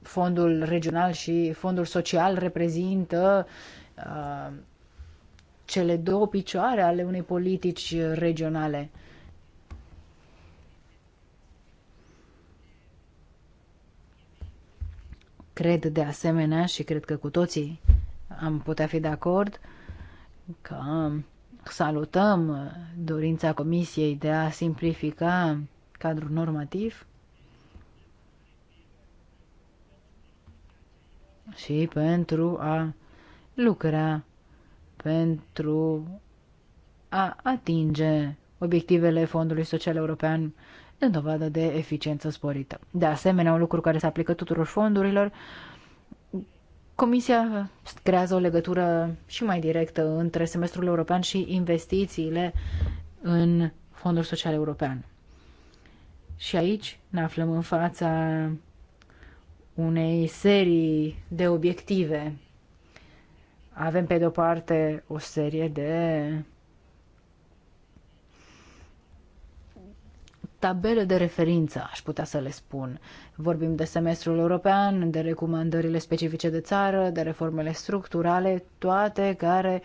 fondul regional și fondul social reprezintă uh, cele două picioare ale unei politici regionale. Cred de asemenea și cred că cu toții am putea fi de acord că salutăm dorința Comisiei de a simplifica cadrul normativ și pentru a lucra pentru a atinge obiectivele Fondului Social European în dovadă de eficiență sporită. De asemenea, un lucru care se aplică tuturor fondurilor, Comisia creează o legătură și mai directă între semestrul european și investițiile în fondul social european. Și aici ne aflăm în fața unei serii de obiective. Avem pe de o parte o serie de tabele de referință, aș putea să le spun. Vorbim de semestrul european, de recomandările specifice de țară, de reformele structurale, toate care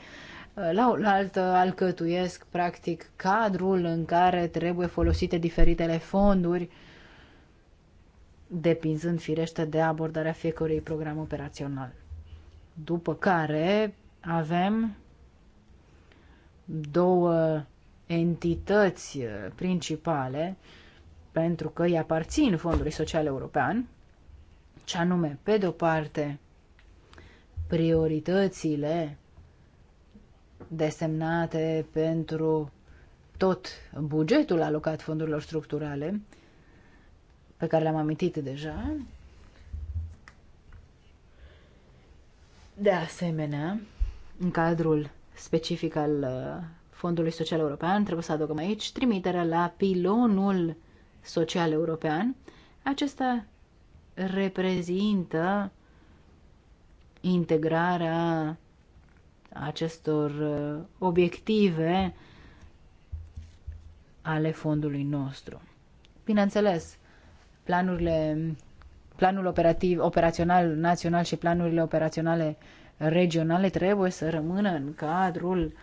uh, la oaltă alcătuiesc, practic, cadrul în care trebuie folosite diferitele fonduri, depinzând firește de abordarea fiecărui program operațional. După care avem două entități eh, principale pentru că îi aparțin Fondului Social European, ce anume, pe de-o parte, prioritățile desemnate pentru tot bugetul alocat fondurilor structurale, pe care le-am amintit deja. De asemenea, în cadrul specific al eh, Fondului Social European, trebuie să adăugăm aici trimiterea la pilonul social european. Acesta reprezintă integrarea acestor uh, obiective ale fondului nostru. Bineînțeles, planurile, planul operativ, operațional național și planurile operaționale regionale trebuie să rămână în cadrul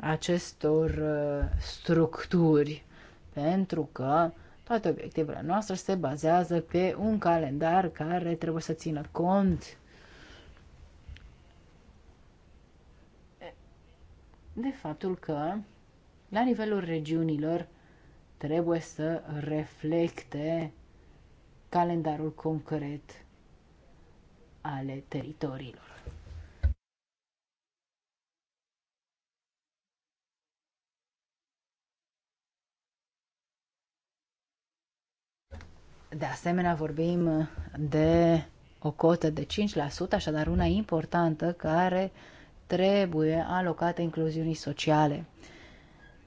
acestor uh, structuri, pentru că toate obiectivele noastre se bazează pe un calendar care trebuie să țină cont de faptul că la nivelul regiunilor trebuie să reflecte calendarul concret ale teritoriilor. De asemenea, vorbim de o cotă de 5%, așadar una importantă care trebuie alocată incluziunii sociale.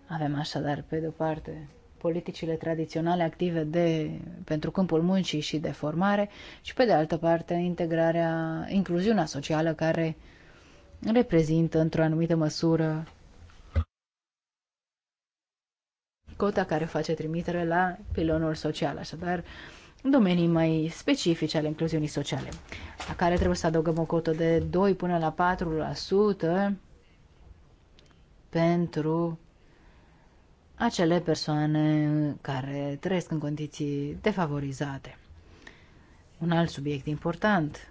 Avem așadar, pe de-o parte, politicile tradiționale active de, pentru câmpul muncii și de formare și, pe de altă parte, integrarea, incluziunea socială care reprezintă, într-o anumită măsură, cota care face trimitere la pilonul social, așadar domenii mai specifice ale incluziunii sociale, la care trebuie să adăugăm o cotă de 2 până la 4% pentru acele persoane care trăiesc în condiții defavorizate. Un alt subiect important,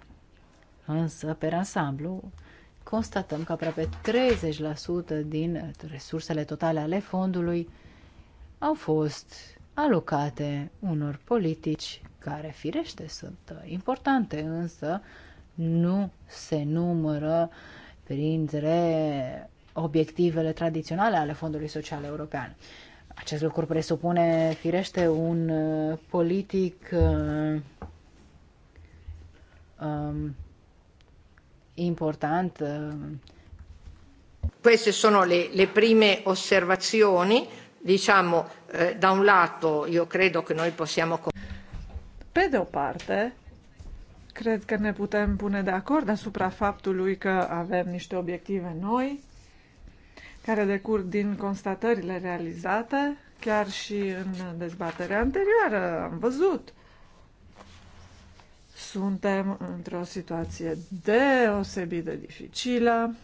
însă, pe ansamblu, constatăm că aproape 30% din resursele totale ale fondului au fost alocate unor politici care, firește, sunt uh, importante, însă nu se numără printre obiectivele tradiționale ale Fondului Social European. Acest lucru presupune, firește, un uh, politic uh, um, important. Queste sono le, le prime osservazioni diciamo, eh, da un lato io credo che noi possiamo... Pe de o parte, cred că ne putem pune de acord asupra faptului că avem niște obiective noi, care decurg din constatările realizate, chiar și în dezbaterea anterioară am văzut. Suntem într-o situație deosebit de dificilă,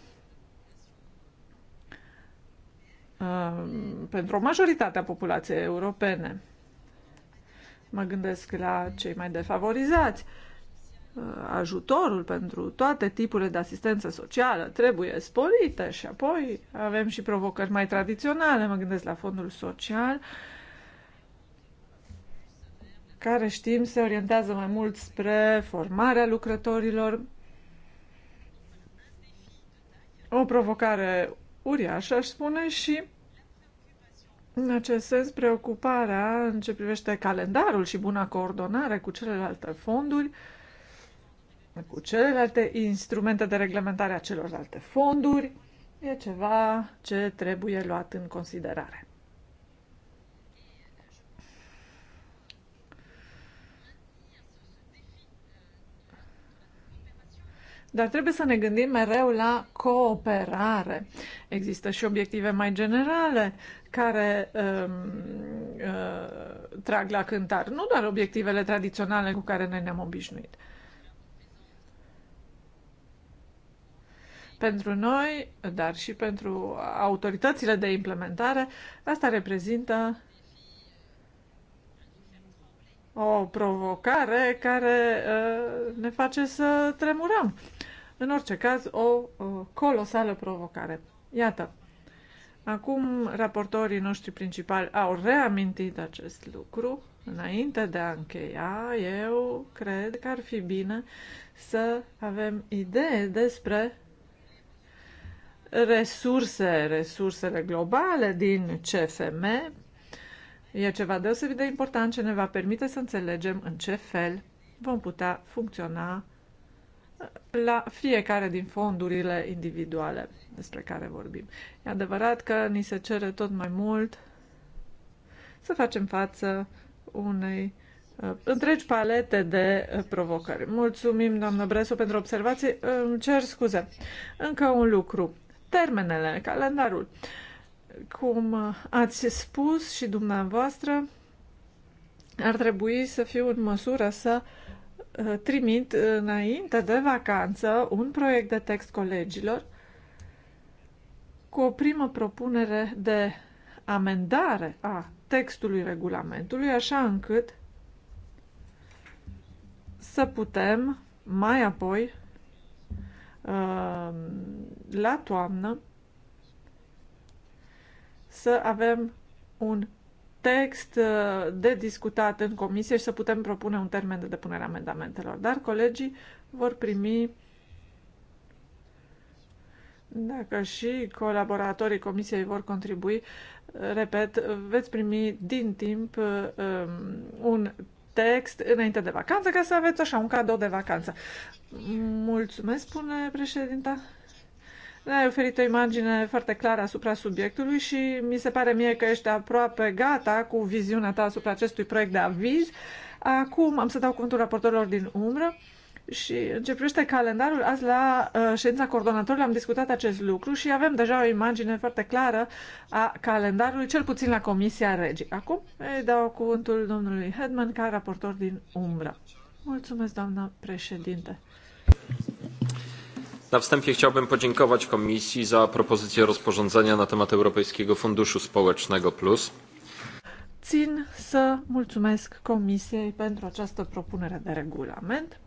Uh, pentru o majoritate a populației europene. Mă gândesc la cei mai defavorizați. Uh, ajutorul pentru toate tipurile de asistență socială trebuie sporită și apoi avem și provocări mai tradiționale. Mă gândesc la fondul social, care știm se orientează mai mult spre formarea lucrătorilor, o provocare uriașă, aș spune, și în acest sens preocuparea în ce privește calendarul și buna coordonare cu celelalte fonduri, cu celelalte instrumente de reglementare a celorlalte fonduri, e ceva ce trebuie luat în considerare. Dar trebuie să ne gândim mereu la cooperare. Există și obiective mai generale care uh, uh, trag la cântar, nu doar obiectivele tradiționale cu care noi ne-am obișnuit. Pentru noi, dar și pentru autoritățile de implementare, asta reprezintă o provocare care uh, ne face să tremurăm. În orice caz, o colosală provocare. Iată, acum raportorii noștri principali au reamintit acest lucru. Înainte de a încheia, eu cred că ar fi bine să avem idee despre resurse, resursele globale din CFM. E ceva deosebit de important ce ne va permite să înțelegem în ce fel vom putea funcționa la fiecare din fondurile individuale despre care vorbim. E adevărat că ni se cere tot mai mult să facem față unei uh, întregi palete de uh, provocări. Mulțumim, doamnă Bresu, pentru observații. Îmi cer scuze. Încă un lucru. Termenele, calendarul. Cum uh, ați spus și dumneavoastră, ar trebui să fiu în măsură să uh, Uh, trimit înainte de vacanță un proiect de text colegilor cu o primă propunere de amendare a textului regulamentului, așa încât să putem mai apoi, uh, la toamnă, să avem un text uh, de discutat în comisie și să putem propune un termen de depunere a amendamentelor. Dar colegii vor primi, dacă și colaboratorii comisiei vor contribui, uh, repet, veți primi din timp uh, um, un text înainte de vacanță ca să aveți așa un cadou de vacanță. Mulțumesc, spune președinta. Ne-ai oferit o imagine foarte clară asupra subiectului și mi se pare mie că ești aproape gata cu viziunea ta asupra acestui proiect de aviz. Acum am să dau cuvântul raportorilor din umbră. Și începește calendarul, azi la uh, ședința coordonatorilor am discutat acest lucru și avem deja o imagine foarte clară a calendarului, cel puțin la Comisia Regii. Acum îi dau cuvântul domnului Hedman ca raportor din umbră. Mulțumesc, doamna președinte. Na wstępie chciałbym podziękować Komisji za propozycję rozporządzenia na temat Europejskiego Funduszu Społecznego Plus. Țin să mulțumesc Comisiei pentru această propunere de regulament.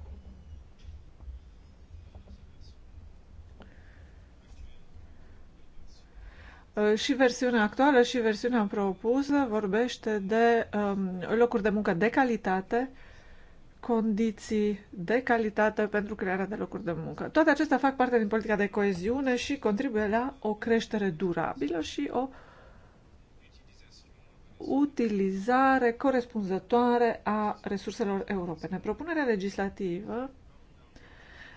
Uh, și versiunea actuală și versiunea propusă vorbește de um, locuri de muncă de calitate, condiții de calitate pentru crearea de locuri de muncă. Toate acestea fac parte din politica de coeziune și contribuie la o creștere durabilă și o utilizare corespunzătoare a resurselor europene. Propunerea legislativă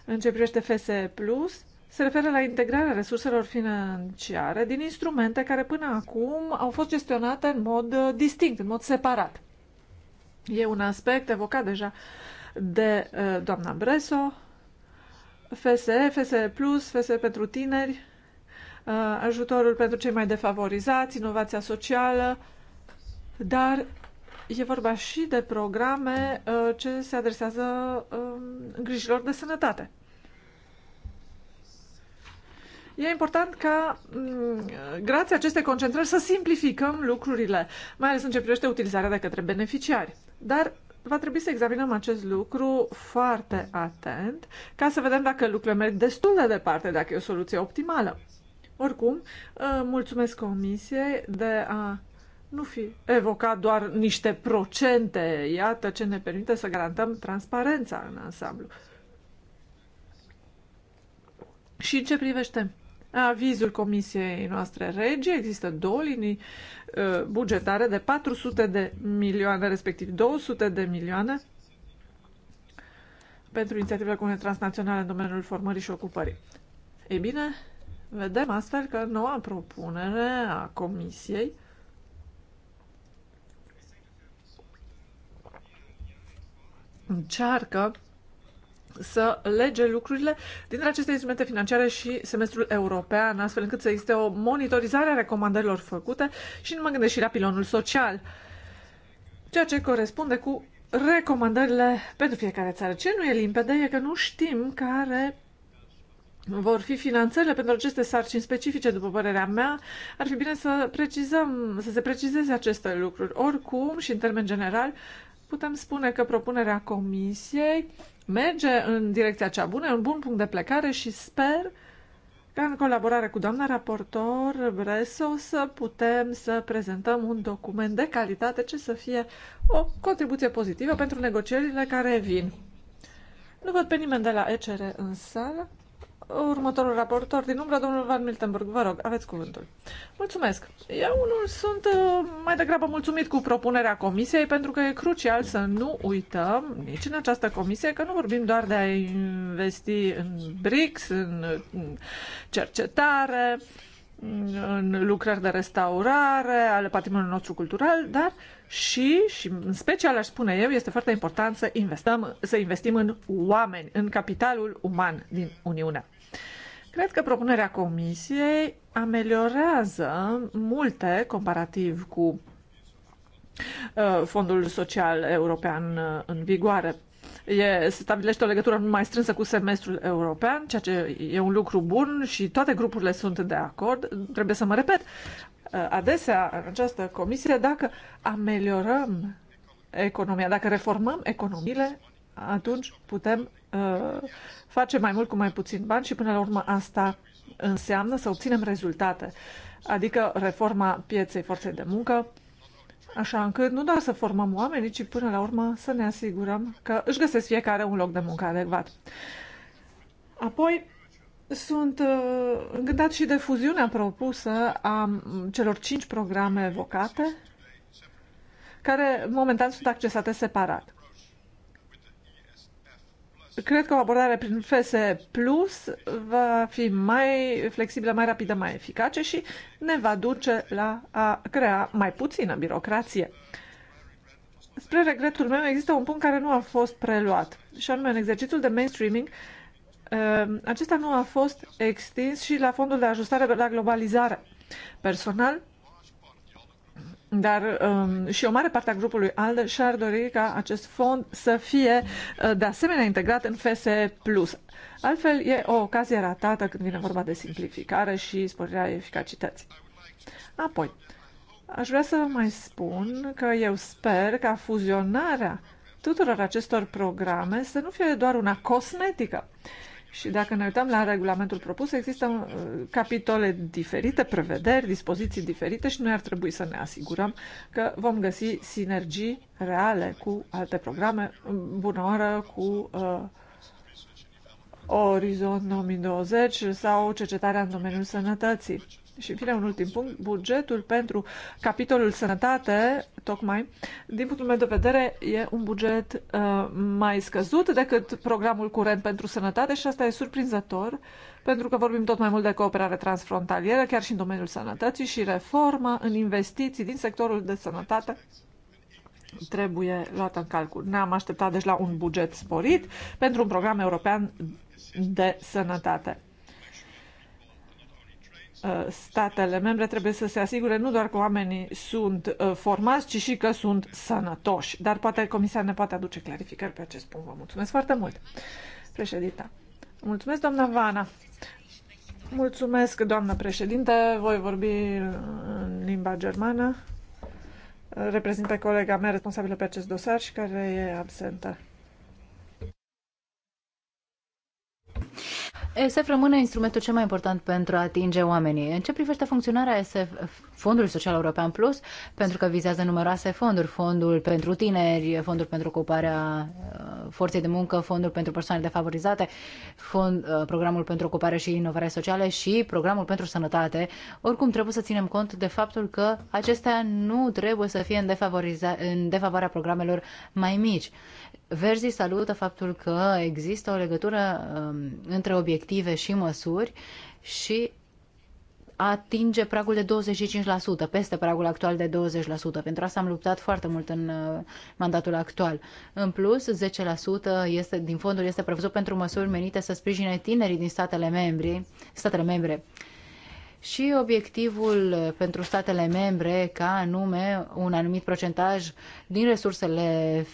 în ce privește FSE Plus se referă la integrarea resurselor financiare din instrumente care până acum au fost gestionate în mod uh, distinct, în mod separat. E un aspect evocat deja de uh, doamna Breso, FSE, FSE+, FSE pentru tineri, uh, ajutorul pentru cei mai defavorizați, inovația socială, dar e vorba și de programe uh, ce se adresează uh, grijilor de sănătate. E important ca, mm, grație acestei concentrări, să simplificăm lucrurile, mai ales în ce privește utilizarea de către beneficiari. Dar va trebui să examinăm acest lucru foarte atent ca să vedem dacă lucrurile merg destul de departe, dacă e o soluție optimală. Oricum, ă, mulțumesc Comisiei de a nu fi evocat doar niște procente. Iată ce ne permite să garantăm transparența în ansamblu. Și în ce privește avizul Comisiei noastre regi. Există două linii uh, bugetare de 400 de milioane, respectiv 200 de milioane pentru inițiativele comune transnaționale în domeniul formării și ocupării. Ei bine, vedem astfel că noua propunere a Comisiei încearcă să lege lucrurile dintre aceste instrumente financiare și semestrul european, astfel încât să existe o monitorizare a recomandărilor făcute și nu mă gândesc și la pilonul social, ceea ce corespunde cu recomandările pentru fiecare țară. Ce nu e limpede e că nu știm care vor fi finanțările pentru aceste sarcini specifice, după părerea mea, ar fi bine să precizăm, să se precizeze aceste lucruri. Oricum, și în termen general, putem spune că propunerea Comisiei merge în direcția cea bună, un bun punct de plecare și sper ca în colaborare cu doamna raportor Breso să putem să prezentăm un document de calitate ce să fie o contribuție pozitivă pentru negocierile care vin. Nu văd pe nimeni de la ECR în sală. Următorul raportor din umbra, domnul Van Miltenburg, vă rog, aveți cuvântul. Mulțumesc. Eu nu sunt uh, mai degrabă mulțumit cu propunerea comisiei pentru că e crucial să nu uităm nici în această comisie că nu vorbim doar de a investi în BRICS, în cercetare, în lucrări de restaurare ale patrimoniului nostru cultural, dar și, și în special aș spune eu, este foarte important să, investăm, să investim în oameni, în capitalul uman din Uniunea Cred că propunerea Comisiei ameliorează multe comparativ cu uh, Fondul Social European uh, în vigoare. E, se stabilește o legătură mai strânsă cu semestrul european, ceea ce e un lucru bun și toate grupurile sunt de acord. Trebuie să mă repet, uh, adesea în această comisie, dacă ameliorăm economia, dacă reformăm economiile, atunci putem uh, face mai mult cu mai puțin bani și până la urmă asta înseamnă să obținem rezultate, adică reforma pieței forței de muncă, așa încât nu doar să formăm oamenii, ci până la urmă să ne asigurăm că își găsesc fiecare un loc de muncă adecvat. Apoi, sunt uh, gândat și de fuziunea propusă a celor cinci programe evocate, care momentan sunt accesate separat. Cred că o abordare prin FSE Plus va fi mai flexibilă, mai rapidă, mai eficace și ne va duce la a crea mai puțină birocrație. Spre regretul meu, există un punct care nu a fost preluat, și anume în exercițiul de mainstreaming, ehm, acesta nu a fost extins și la fondul de ajustare la globalizare. Personal, dar um, și o mare parte a grupului ALDE și-ar dori ca acest fond să fie uh, de asemenea integrat în FSE+. Altfel, e o ocazie ratată când vine vorba de simplificare și sporirea eficacității. Apoi, aș vrea să mai spun că eu sper ca fuzionarea tuturor acestor programe să nu fie doar una cosmetică, uh, și dacă ne uităm la regulamentul propus, există uh, capitole diferite, prevederi, dispoziții diferite și noi ar trebui să ne asigurăm că vom găsi sinergii reale cu alte programe, bună oră, cu uh, Orizont 2020 sau cercetarea în domeniul sănătății. Și, în fine, un ultim punct, bugetul pentru capitolul sănătate, tocmai, din punctul meu de vedere, e un buget uh, mai scăzut decât programul curent pentru sănătate și asta e surprinzător, pentru că vorbim tot mai mult de cooperare transfrontalieră, chiar și în domeniul sănătății și reforma în investiții din sectorul de sănătate trebuie luată în calcul. Ne-am așteptat deci la un buget sporit pentru un program european de sănătate. Uh, statele membre trebuie să se asigure nu doar că oamenii sunt uh, formați, ci și că sunt sănătoși. Dar poate comisia ne poate aduce clarificări pe acest punct. Vă mulțumesc foarte mult, președinta. Mulțumesc, doamna Vana. Mulțumesc, doamnă președinte. Voi vorbi uh, în limba germană. Reprezint pe colega mea responsabilă pe acest dosar și care e absentă. ESF rămâne instrumentul cel mai important pentru a atinge oamenii. În ce privește funcționarea ESF, Fondul Social European Plus, pentru că vizează numeroase fonduri, fondul pentru tineri, fondul pentru ocuparea uh, forței de muncă, fondul pentru persoane defavorizate, fond, uh, programul pentru ocupare și inovare sociale și programul pentru sănătate. Oricum trebuie să ținem cont de faptul că acestea nu trebuie să fie în, în defavoarea programelor mai mici verzi salută faptul că există o legătură um, între obiective și măsuri și atinge pragul de 25%, peste pragul actual de 20%. Pentru asta am luptat foarte mult în uh, mandatul actual. În plus, 10% este, din fondul este prevăzut pentru măsuri menite să sprijine tinerii din statele, membre. statele membre și obiectivul pentru statele membre ca anume un anumit procentaj din resursele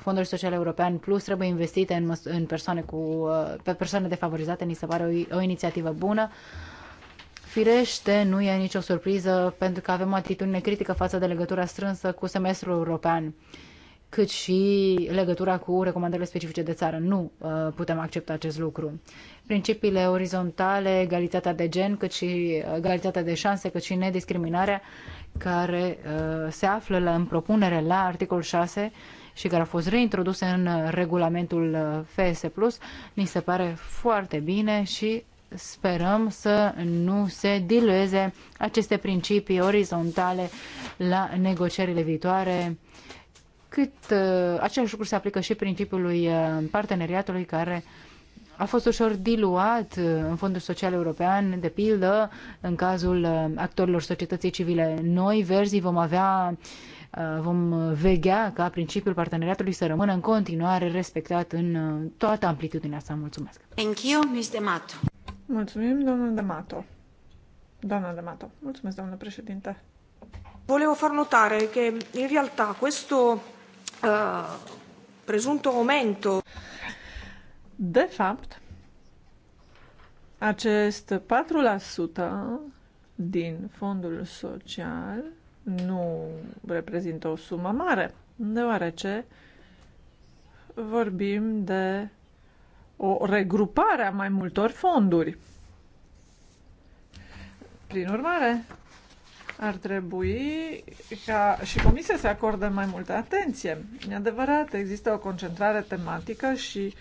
Fondului Social European plus trebuie investite în, în persoane cu, pe persoane defavorizate, ni se pare o, o inițiativă bună. Firește, nu e nicio surpriză pentru că avem o atitudine critică față de legătura strânsă cu semestrul european cât și legătura cu recomandările specifice de țară. Nu uh, putem accepta acest lucru. Principiile orizontale, egalitatea de gen, cât și uh, egalitatea de șanse, cât și nediscriminarea, care uh, se află la, în propunere la articolul 6 și care a fost reintroduse în uh, regulamentul uh, FS+, ni se pare foarte bine și sperăm să nu se dilueze aceste principii orizontale la negocierile viitoare cât uh, același lucru se aplică și principiului uh, parteneriatului care a fost ușor diluat uh, în Fondul Social European, de pildă, în cazul uh, actorilor societății civile. Noi, verzii, vom avea uh, vom veghea ca principiul parteneriatului să rămână în continuare respectat în toată amplitudinea sa. Mulțumesc! Thank you, Ms. Demato. Mulțumim, domnul Demato. Doamna Demato, mulțumesc, doamnă președinte. Volevo far notare che in realtà questo uh, presunto aumento. De fapt, acest 4% din fondul social nu reprezintă o sumă mare, deoarece vorbim de o regrupare a mai multor fonduri. Prin urmare, ar trebui ca și comisia să acorde mai multă atenție. E adevărat, există o concentrare tematică și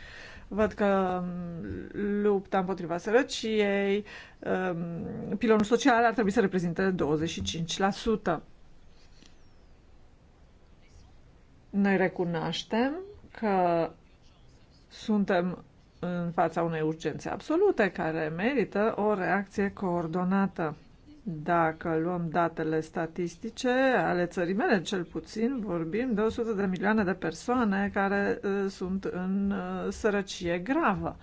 văd că um, lupta împotriva sărăciei, um, pilonul social ar trebui să reprezinte 25%. Noi recunoaștem că suntem în fața unei urgențe absolute care merită o reacție coordonată. Dacă luăm datele statistice ale țării mele, cel puțin, vorbim de 100 de milioane de persoane care uh, sunt în uh, sărăcie gravă.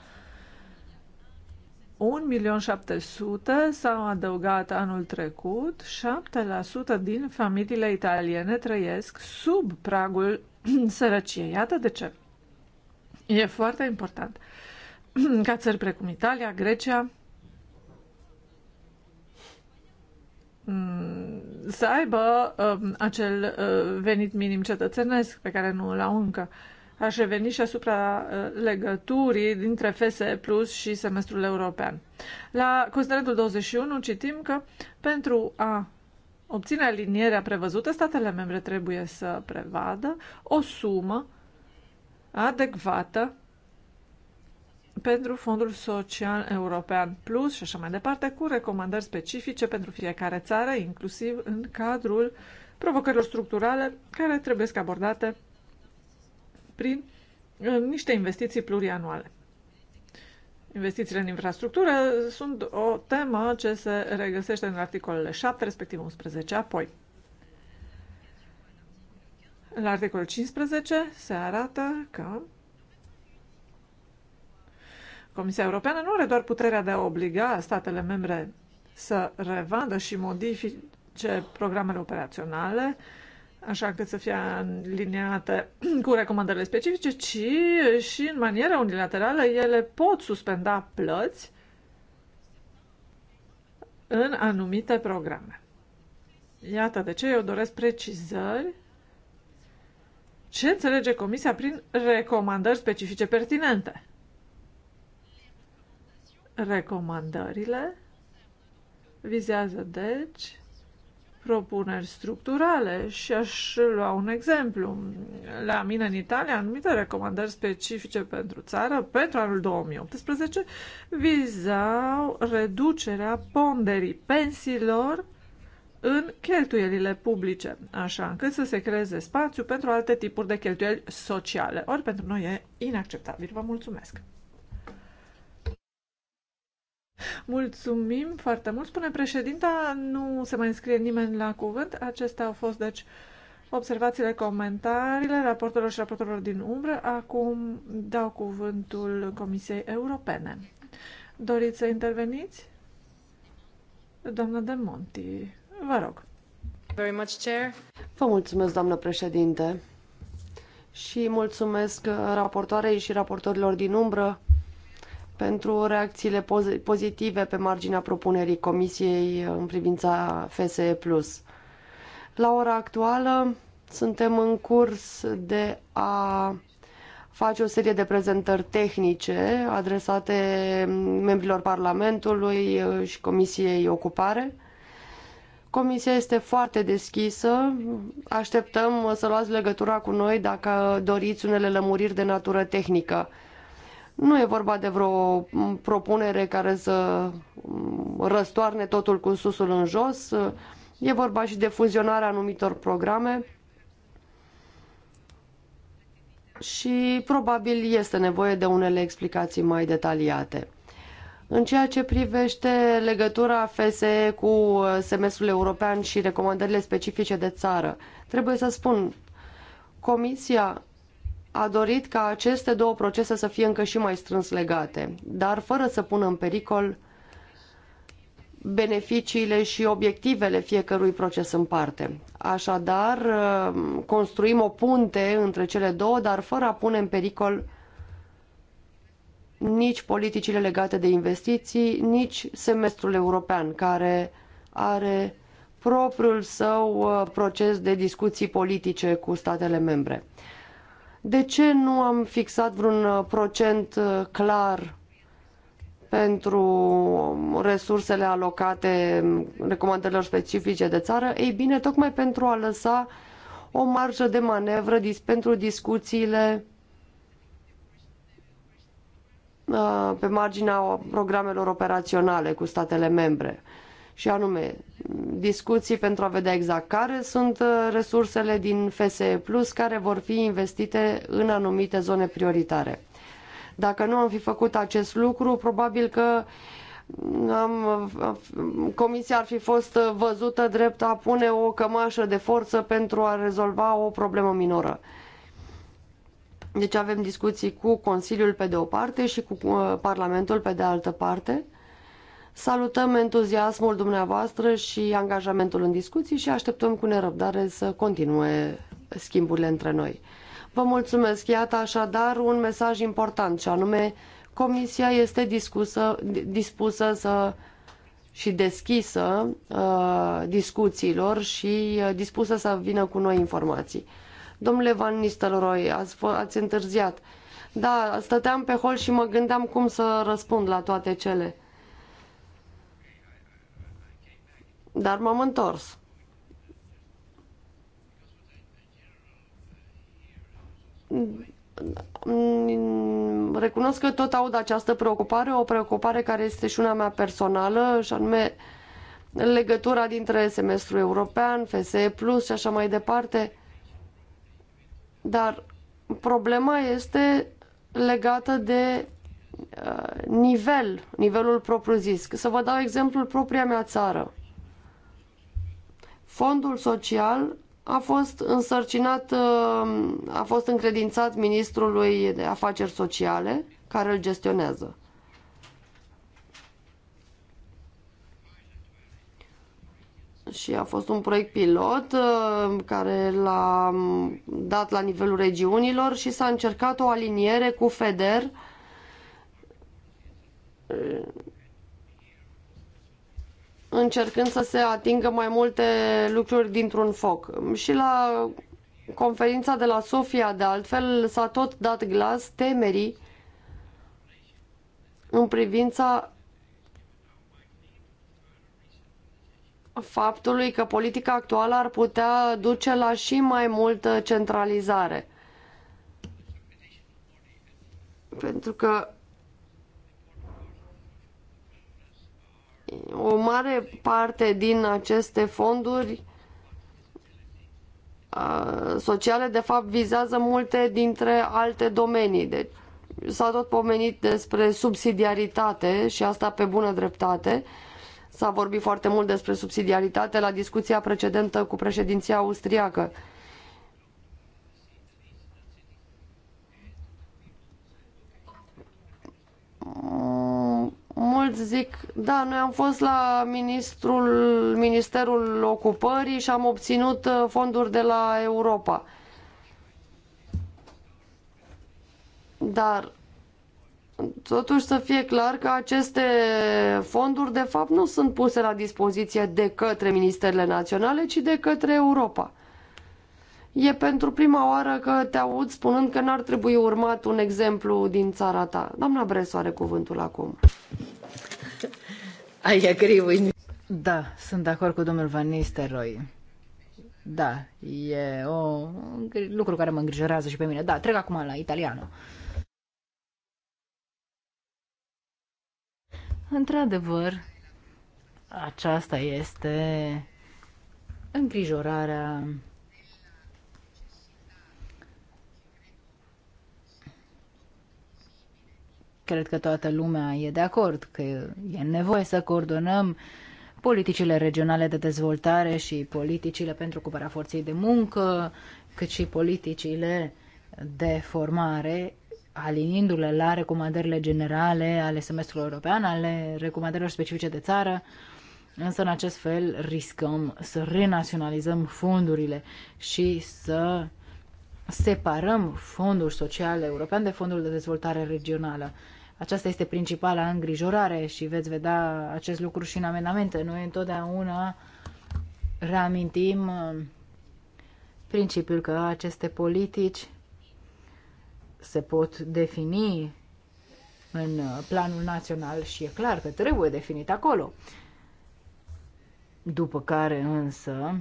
1.700.000 s-au adăugat anul trecut, 7% din familiile italiene trăiesc sub pragul sărăciei. Iată de ce. E foarte important ca țări precum Italia, Grecia, Mm, să aibă um, acel uh, venit minim cetățenesc pe care nu îl au încă. Aș reveni și asupra uh, legăturii dintre FSE Plus și semestrul european. La considerentul 21 citim că pentru a obține alinierea prevăzută, statele membre trebuie să prevadă o sumă adecvată pentru Fondul Social European Plus și așa mai departe, cu recomandări specifice pentru fiecare țară, inclusiv în cadrul provocărilor structurale care trebuie să abordate prin niște investiții plurianuale. Investițiile în infrastructură sunt o temă ce se regăsește în articolele 7, respectiv 11, apoi. La articolul 15 se arată că Comisia Europeană nu are doar puterea de a obliga statele membre să revadă și modifice programele operaționale, așa că să fie aliniate cu recomandările specifice, ci și în manieră unilaterală ele pot suspenda plăți în anumite programe. Iată de ce eu doresc precizări ce înțelege Comisia prin recomandări specifice pertinente. Recomandările vizează, deci, propuneri structurale și aș lua un exemplu. La mine în Italia, anumite recomandări specifice pentru țară pentru anul 2018 vizau reducerea ponderii pensiilor în cheltuielile publice, așa încât să se creeze spațiu pentru alte tipuri de cheltuieli sociale. Ori pentru noi e inacceptabil. Vă mulțumesc! Mulțumim foarte mult, spune președinta. Nu se mai înscrie nimeni la cuvânt. Acestea au fost, deci, observațiile, comentariile raportelor și raportelor din umbră. Acum dau cuvântul Comisiei Europene. Doriți să interveniți? Doamna de Monti, vă rog. Very much, Chair. Vă mulțumesc, doamnă președinte. Și mulțumesc uh, raportoarei și raportorilor din umbră pentru reacțiile pozitive pe marginea propunerii Comisiei în privința FSE+. La ora actuală suntem în curs de a face o serie de prezentări tehnice adresate membrilor Parlamentului și Comisiei Ocupare. Comisia este foarte deschisă. Așteptăm să luați legătura cu noi dacă doriți unele lămuriri de natură tehnică nu e vorba de vreo propunere care să răstoarne totul cu susul în jos. E vorba și de fuzionarea anumitor programe și probabil este nevoie de unele explicații mai detaliate. În ceea ce privește legătura FSE cu semestrul european și recomandările specifice de țară, trebuie să spun, Comisia a dorit ca aceste două procese să fie încă și mai strâns legate, dar fără să pună în pericol beneficiile și obiectivele fiecărui proces în parte. Așadar, construim o punte între cele două, dar fără a pune în pericol nici politicile legate de investiții, nici semestrul european, care are propriul său uh, proces de discuții politice cu statele membre. De ce nu am fixat vreun uh, procent uh, clar pentru um, resursele alocate um, recomandărilor specifice de țară? Ei bine, tocmai pentru a lăsa o marjă de manevră pentru discuțiile uh, pe marginea programelor operaționale cu statele membre și anume discuții pentru a vedea exact care sunt uh, resursele din FSE Plus care vor fi investite în anumite zone prioritare. Dacă nu am fi făcut acest lucru, probabil că mm, am, comisia ar fi fost uh, văzută drept a pune o cămașă de forță pentru a rezolva o problemă minoră. Deci avem discuții cu Consiliul pe de o parte și cu uh, Parlamentul pe de altă parte Salutăm entuziasmul dumneavoastră și angajamentul în discuții și așteptăm cu nerăbdare să continue schimburile între noi. Vă mulțumesc. Iată așadar un mesaj important și anume Comisia este discusă, dispusă să și deschisă uh, discuțiilor și uh, dispusă să vină cu noi informații. Domnule Van Nistelrooy, ați, ați întârziat. Da, stăteam pe hol și mă gândeam cum să răspund la toate cele. Dar m-am întors. Recunosc că tot aud această preocupare, o preocupare care este și una mea personală, și anume legătura dintre semestrul european, FSE Plus și așa mai departe. Dar problema este legată de uh, nivel, nivelul propriu-zis. Să vă dau exemplul propria mea țară. Fondul social a fost însărcinat, uh, a fost încredințat ministrului de afaceri sociale care îl gestionează. și a fost un proiect pilot uh, care l-a mm, dat la nivelul regiunilor și s-a încercat o aliniere cu FEDER încercând să se atingă mai multe lucruri dintr-un foc. Și la conferința de la Sofia, de altfel, s-a tot dat glas temerii în privința faptului că politica actuală ar putea duce la și mai multă centralizare. Pentru că o mare parte din aceste fonduri sociale, de fapt, vizează multe dintre alte domenii. Deci, s-a tot pomenit despre subsidiaritate și asta pe bună dreptate. S-a vorbit foarte mult despre subsidiaritate la discuția precedentă cu președinția austriacă. Uh, Mulți zic, da, noi am fost la ministrul, Ministerul Ocupării și am obținut uh, fonduri de la Europa. Dar totuși să fie clar că aceste fonduri de fapt nu sunt puse la dispoziție de către ministerele naționale, ci de către Europa. E pentru prima oară că te aud spunând că n-ar trebui urmat un exemplu din țara ta. Doamna Bresu are cuvântul acum. Ai agree with Da, sunt de acord cu domnul Van Nistelrooy. Da, e o lucru care mă îngrijorează și pe mine. Da, trec acum la italiană. Într-adevăr, aceasta este îngrijorarea Cred că toată lumea e de acord că e nevoie să coordonăm politicile regionale de dezvoltare și politicile pentru ocuparea forței de muncă, cât și politicile de formare, alinindu-le la recomandările generale ale semestrului european, ale recomandărilor specifice de țară, însă în acest fel riscăm să renaționalizăm fondurile și să separăm fondul social european de fondul de dezvoltare regională. Aceasta este principala îngrijorare și veți vedea acest lucru și în amendamente. Noi întotdeauna reamintim uh, principiul că aceste politici se pot defini în uh, planul național și e clar că trebuie definit acolo. După care însă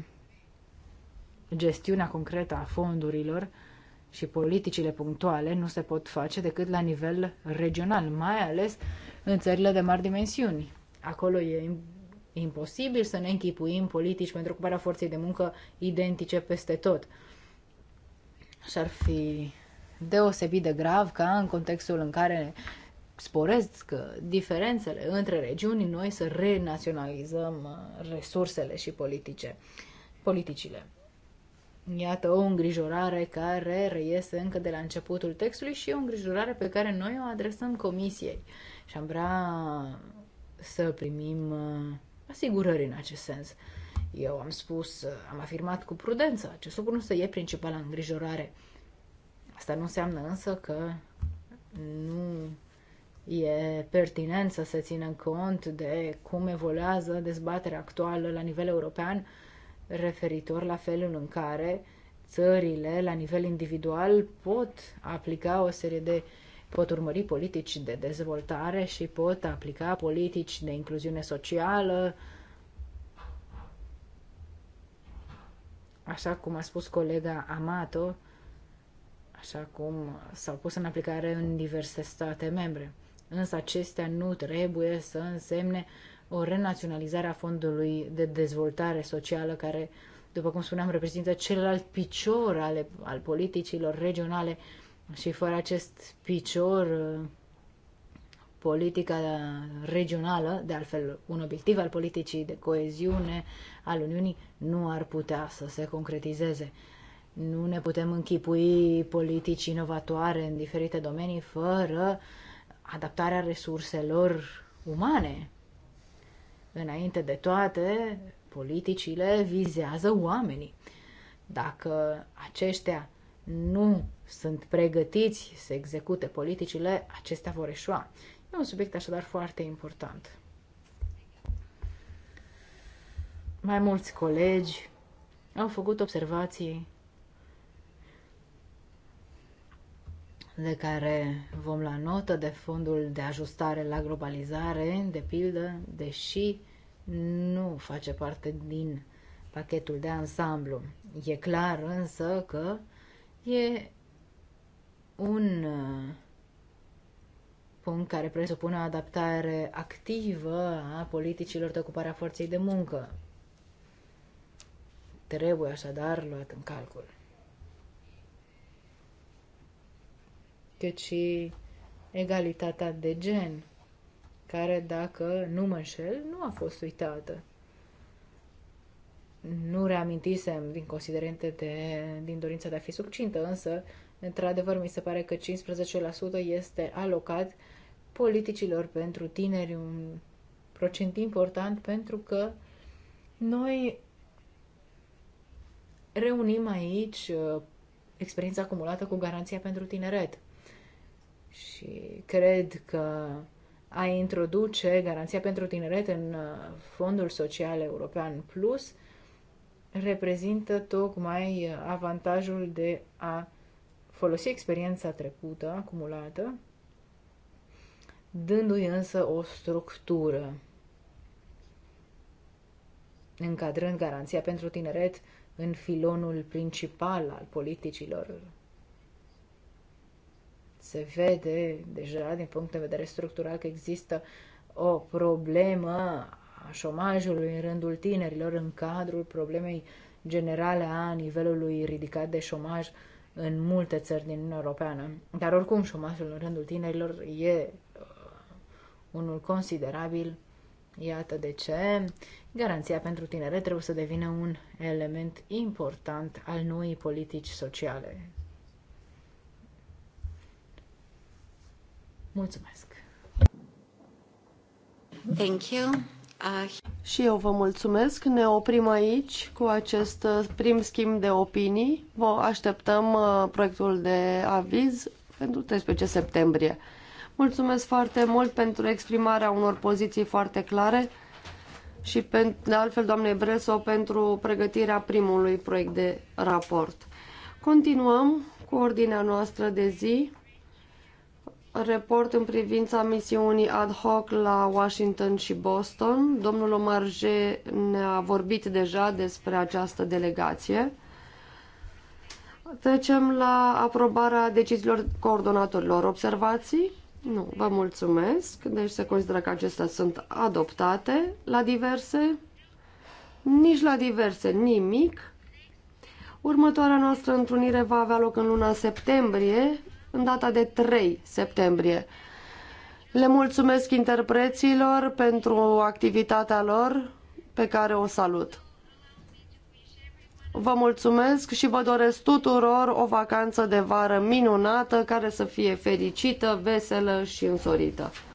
gestiunea concretă a fondurilor și politicile punctuale nu se pot face decât la nivel regional, mai ales în țările de mari dimensiuni. Acolo e imposibil să ne închipuim politici pentru ocuparea forței de muncă identice peste tot. Și ar fi deosebit de grav ca în contextul în care sporesc diferențele între regiuni, noi să renaționalizăm uh, resursele și politice, politicile. Iată o îngrijorare care reiese încă de la începutul textului și o îngrijorare pe care noi o adresăm comisiei. Și am vrea să primim uh, asigurări în acest sens. Eu am spus, uh, am afirmat cu prudență, acest lucru nu se e principala îngrijorare. Asta nu înseamnă însă că nu e pertinent să se țină cont de cum evoluează dezbaterea actuală la nivel european referitor la felul în care țările, la nivel individual, pot aplica o serie de pot urmări politici de dezvoltare și pot aplica politici de incluziune socială, așa cum a spus colega Amato, așa cum s-au pus în aplicare în diverse state membre. Însă acestea nu trebuie să însemne o renaționalizare a fondului de dezvoltare socială care, după cum spuneam, reprezintă celălalt picior ale, al politicilor regionale și fără acest picior uh, politica regională, de altfel un obiectiv al politicii de coeziune al Uniunii, nu ar putea să se concretizeze. Nu ne putem închipui politici inovatoare în diferite domenii fără adaptarea resurselor umane Înainte de toate, politicile vizează oamenii. Dacă aceștia nu sunt pregătiți să execute politicile, acestea vor eșua. E un subiect așadar foarte important. Mai mulți colegi au făcut observații de care vom lua notă de fondul de ajustare la globalizare, de pildă, deși nu face parte din pachetul de ansamblu. E clar însă că e un uh, punct care presupune o adaptare activă a politicilor de ocupare a forței de muncă. Trebuie așadar luat în calcul. cât și egalitatea de gen, care, dacă nu mă înșel, nu a fost uitată. Nu reamintisem din considerente de, din dorința de a fi succintă, însă, într-adevăr, mi se pare că 15% este alocat politicilor pentru tineri, un procent important, pentru că noi reunim aici uh, experiența acumulată cu garanția pentru tineret și cred că a introduce garanția pentru tineret în uh, Fondul Social European Plus reprezintă tocmai uh, avantajul de a folosi experiența trecută, acumulată, dându-i însă o structură. Încadrând garanția pentru tineret în filonul principal al politicilor se vede deja din punct de vedere structural că există o problemă a șomajului în rândul tinerilor în cadrul problemei generale a nivelului ridicat de șomaj în multe țări din Uniunea Europeană. Dar oricum șomajul în rândul tinerilor e uh, unul considerabil. Iată de ce garanția pentru tinere trebuie să devină un element important al noii politici sociale. Mulțumesc! Thank you. Uh... Și eu vă mulțumesc. Ne oprim aici cu acest uh, prim schimb de opinii. Vă așteptăm uh, proiectul de aviz pentru 13 septembrie. Mulțumesc foarte mult pentru exprimarea unor poziții foarte clare și de altfel doamne Breso pentru pregătirea primului proiect de raport. Continuăm cu ordinea noastră de zi report în privința misiunii ad hoc la Washington și Boston. Domnul Omarje ne-a vorbit deja despre această delegație. Trecem la aprobarea deciziilor coordonatorilor. Observații? Nu, vă mulțumesc. Deci se consideră că acestea sunt adoptate la diverse. Nici la diverse nimic. Următoarea noastră întrunire va avea loc în luna septembrie, în data de 3 septembrie. Le mulțumesc interpreților pentru activitatea lor pe care o salut. Vă mulțumesc și vă doresc tuturor o vacanță de vară minunată care să fie fericită, veselă și însorită.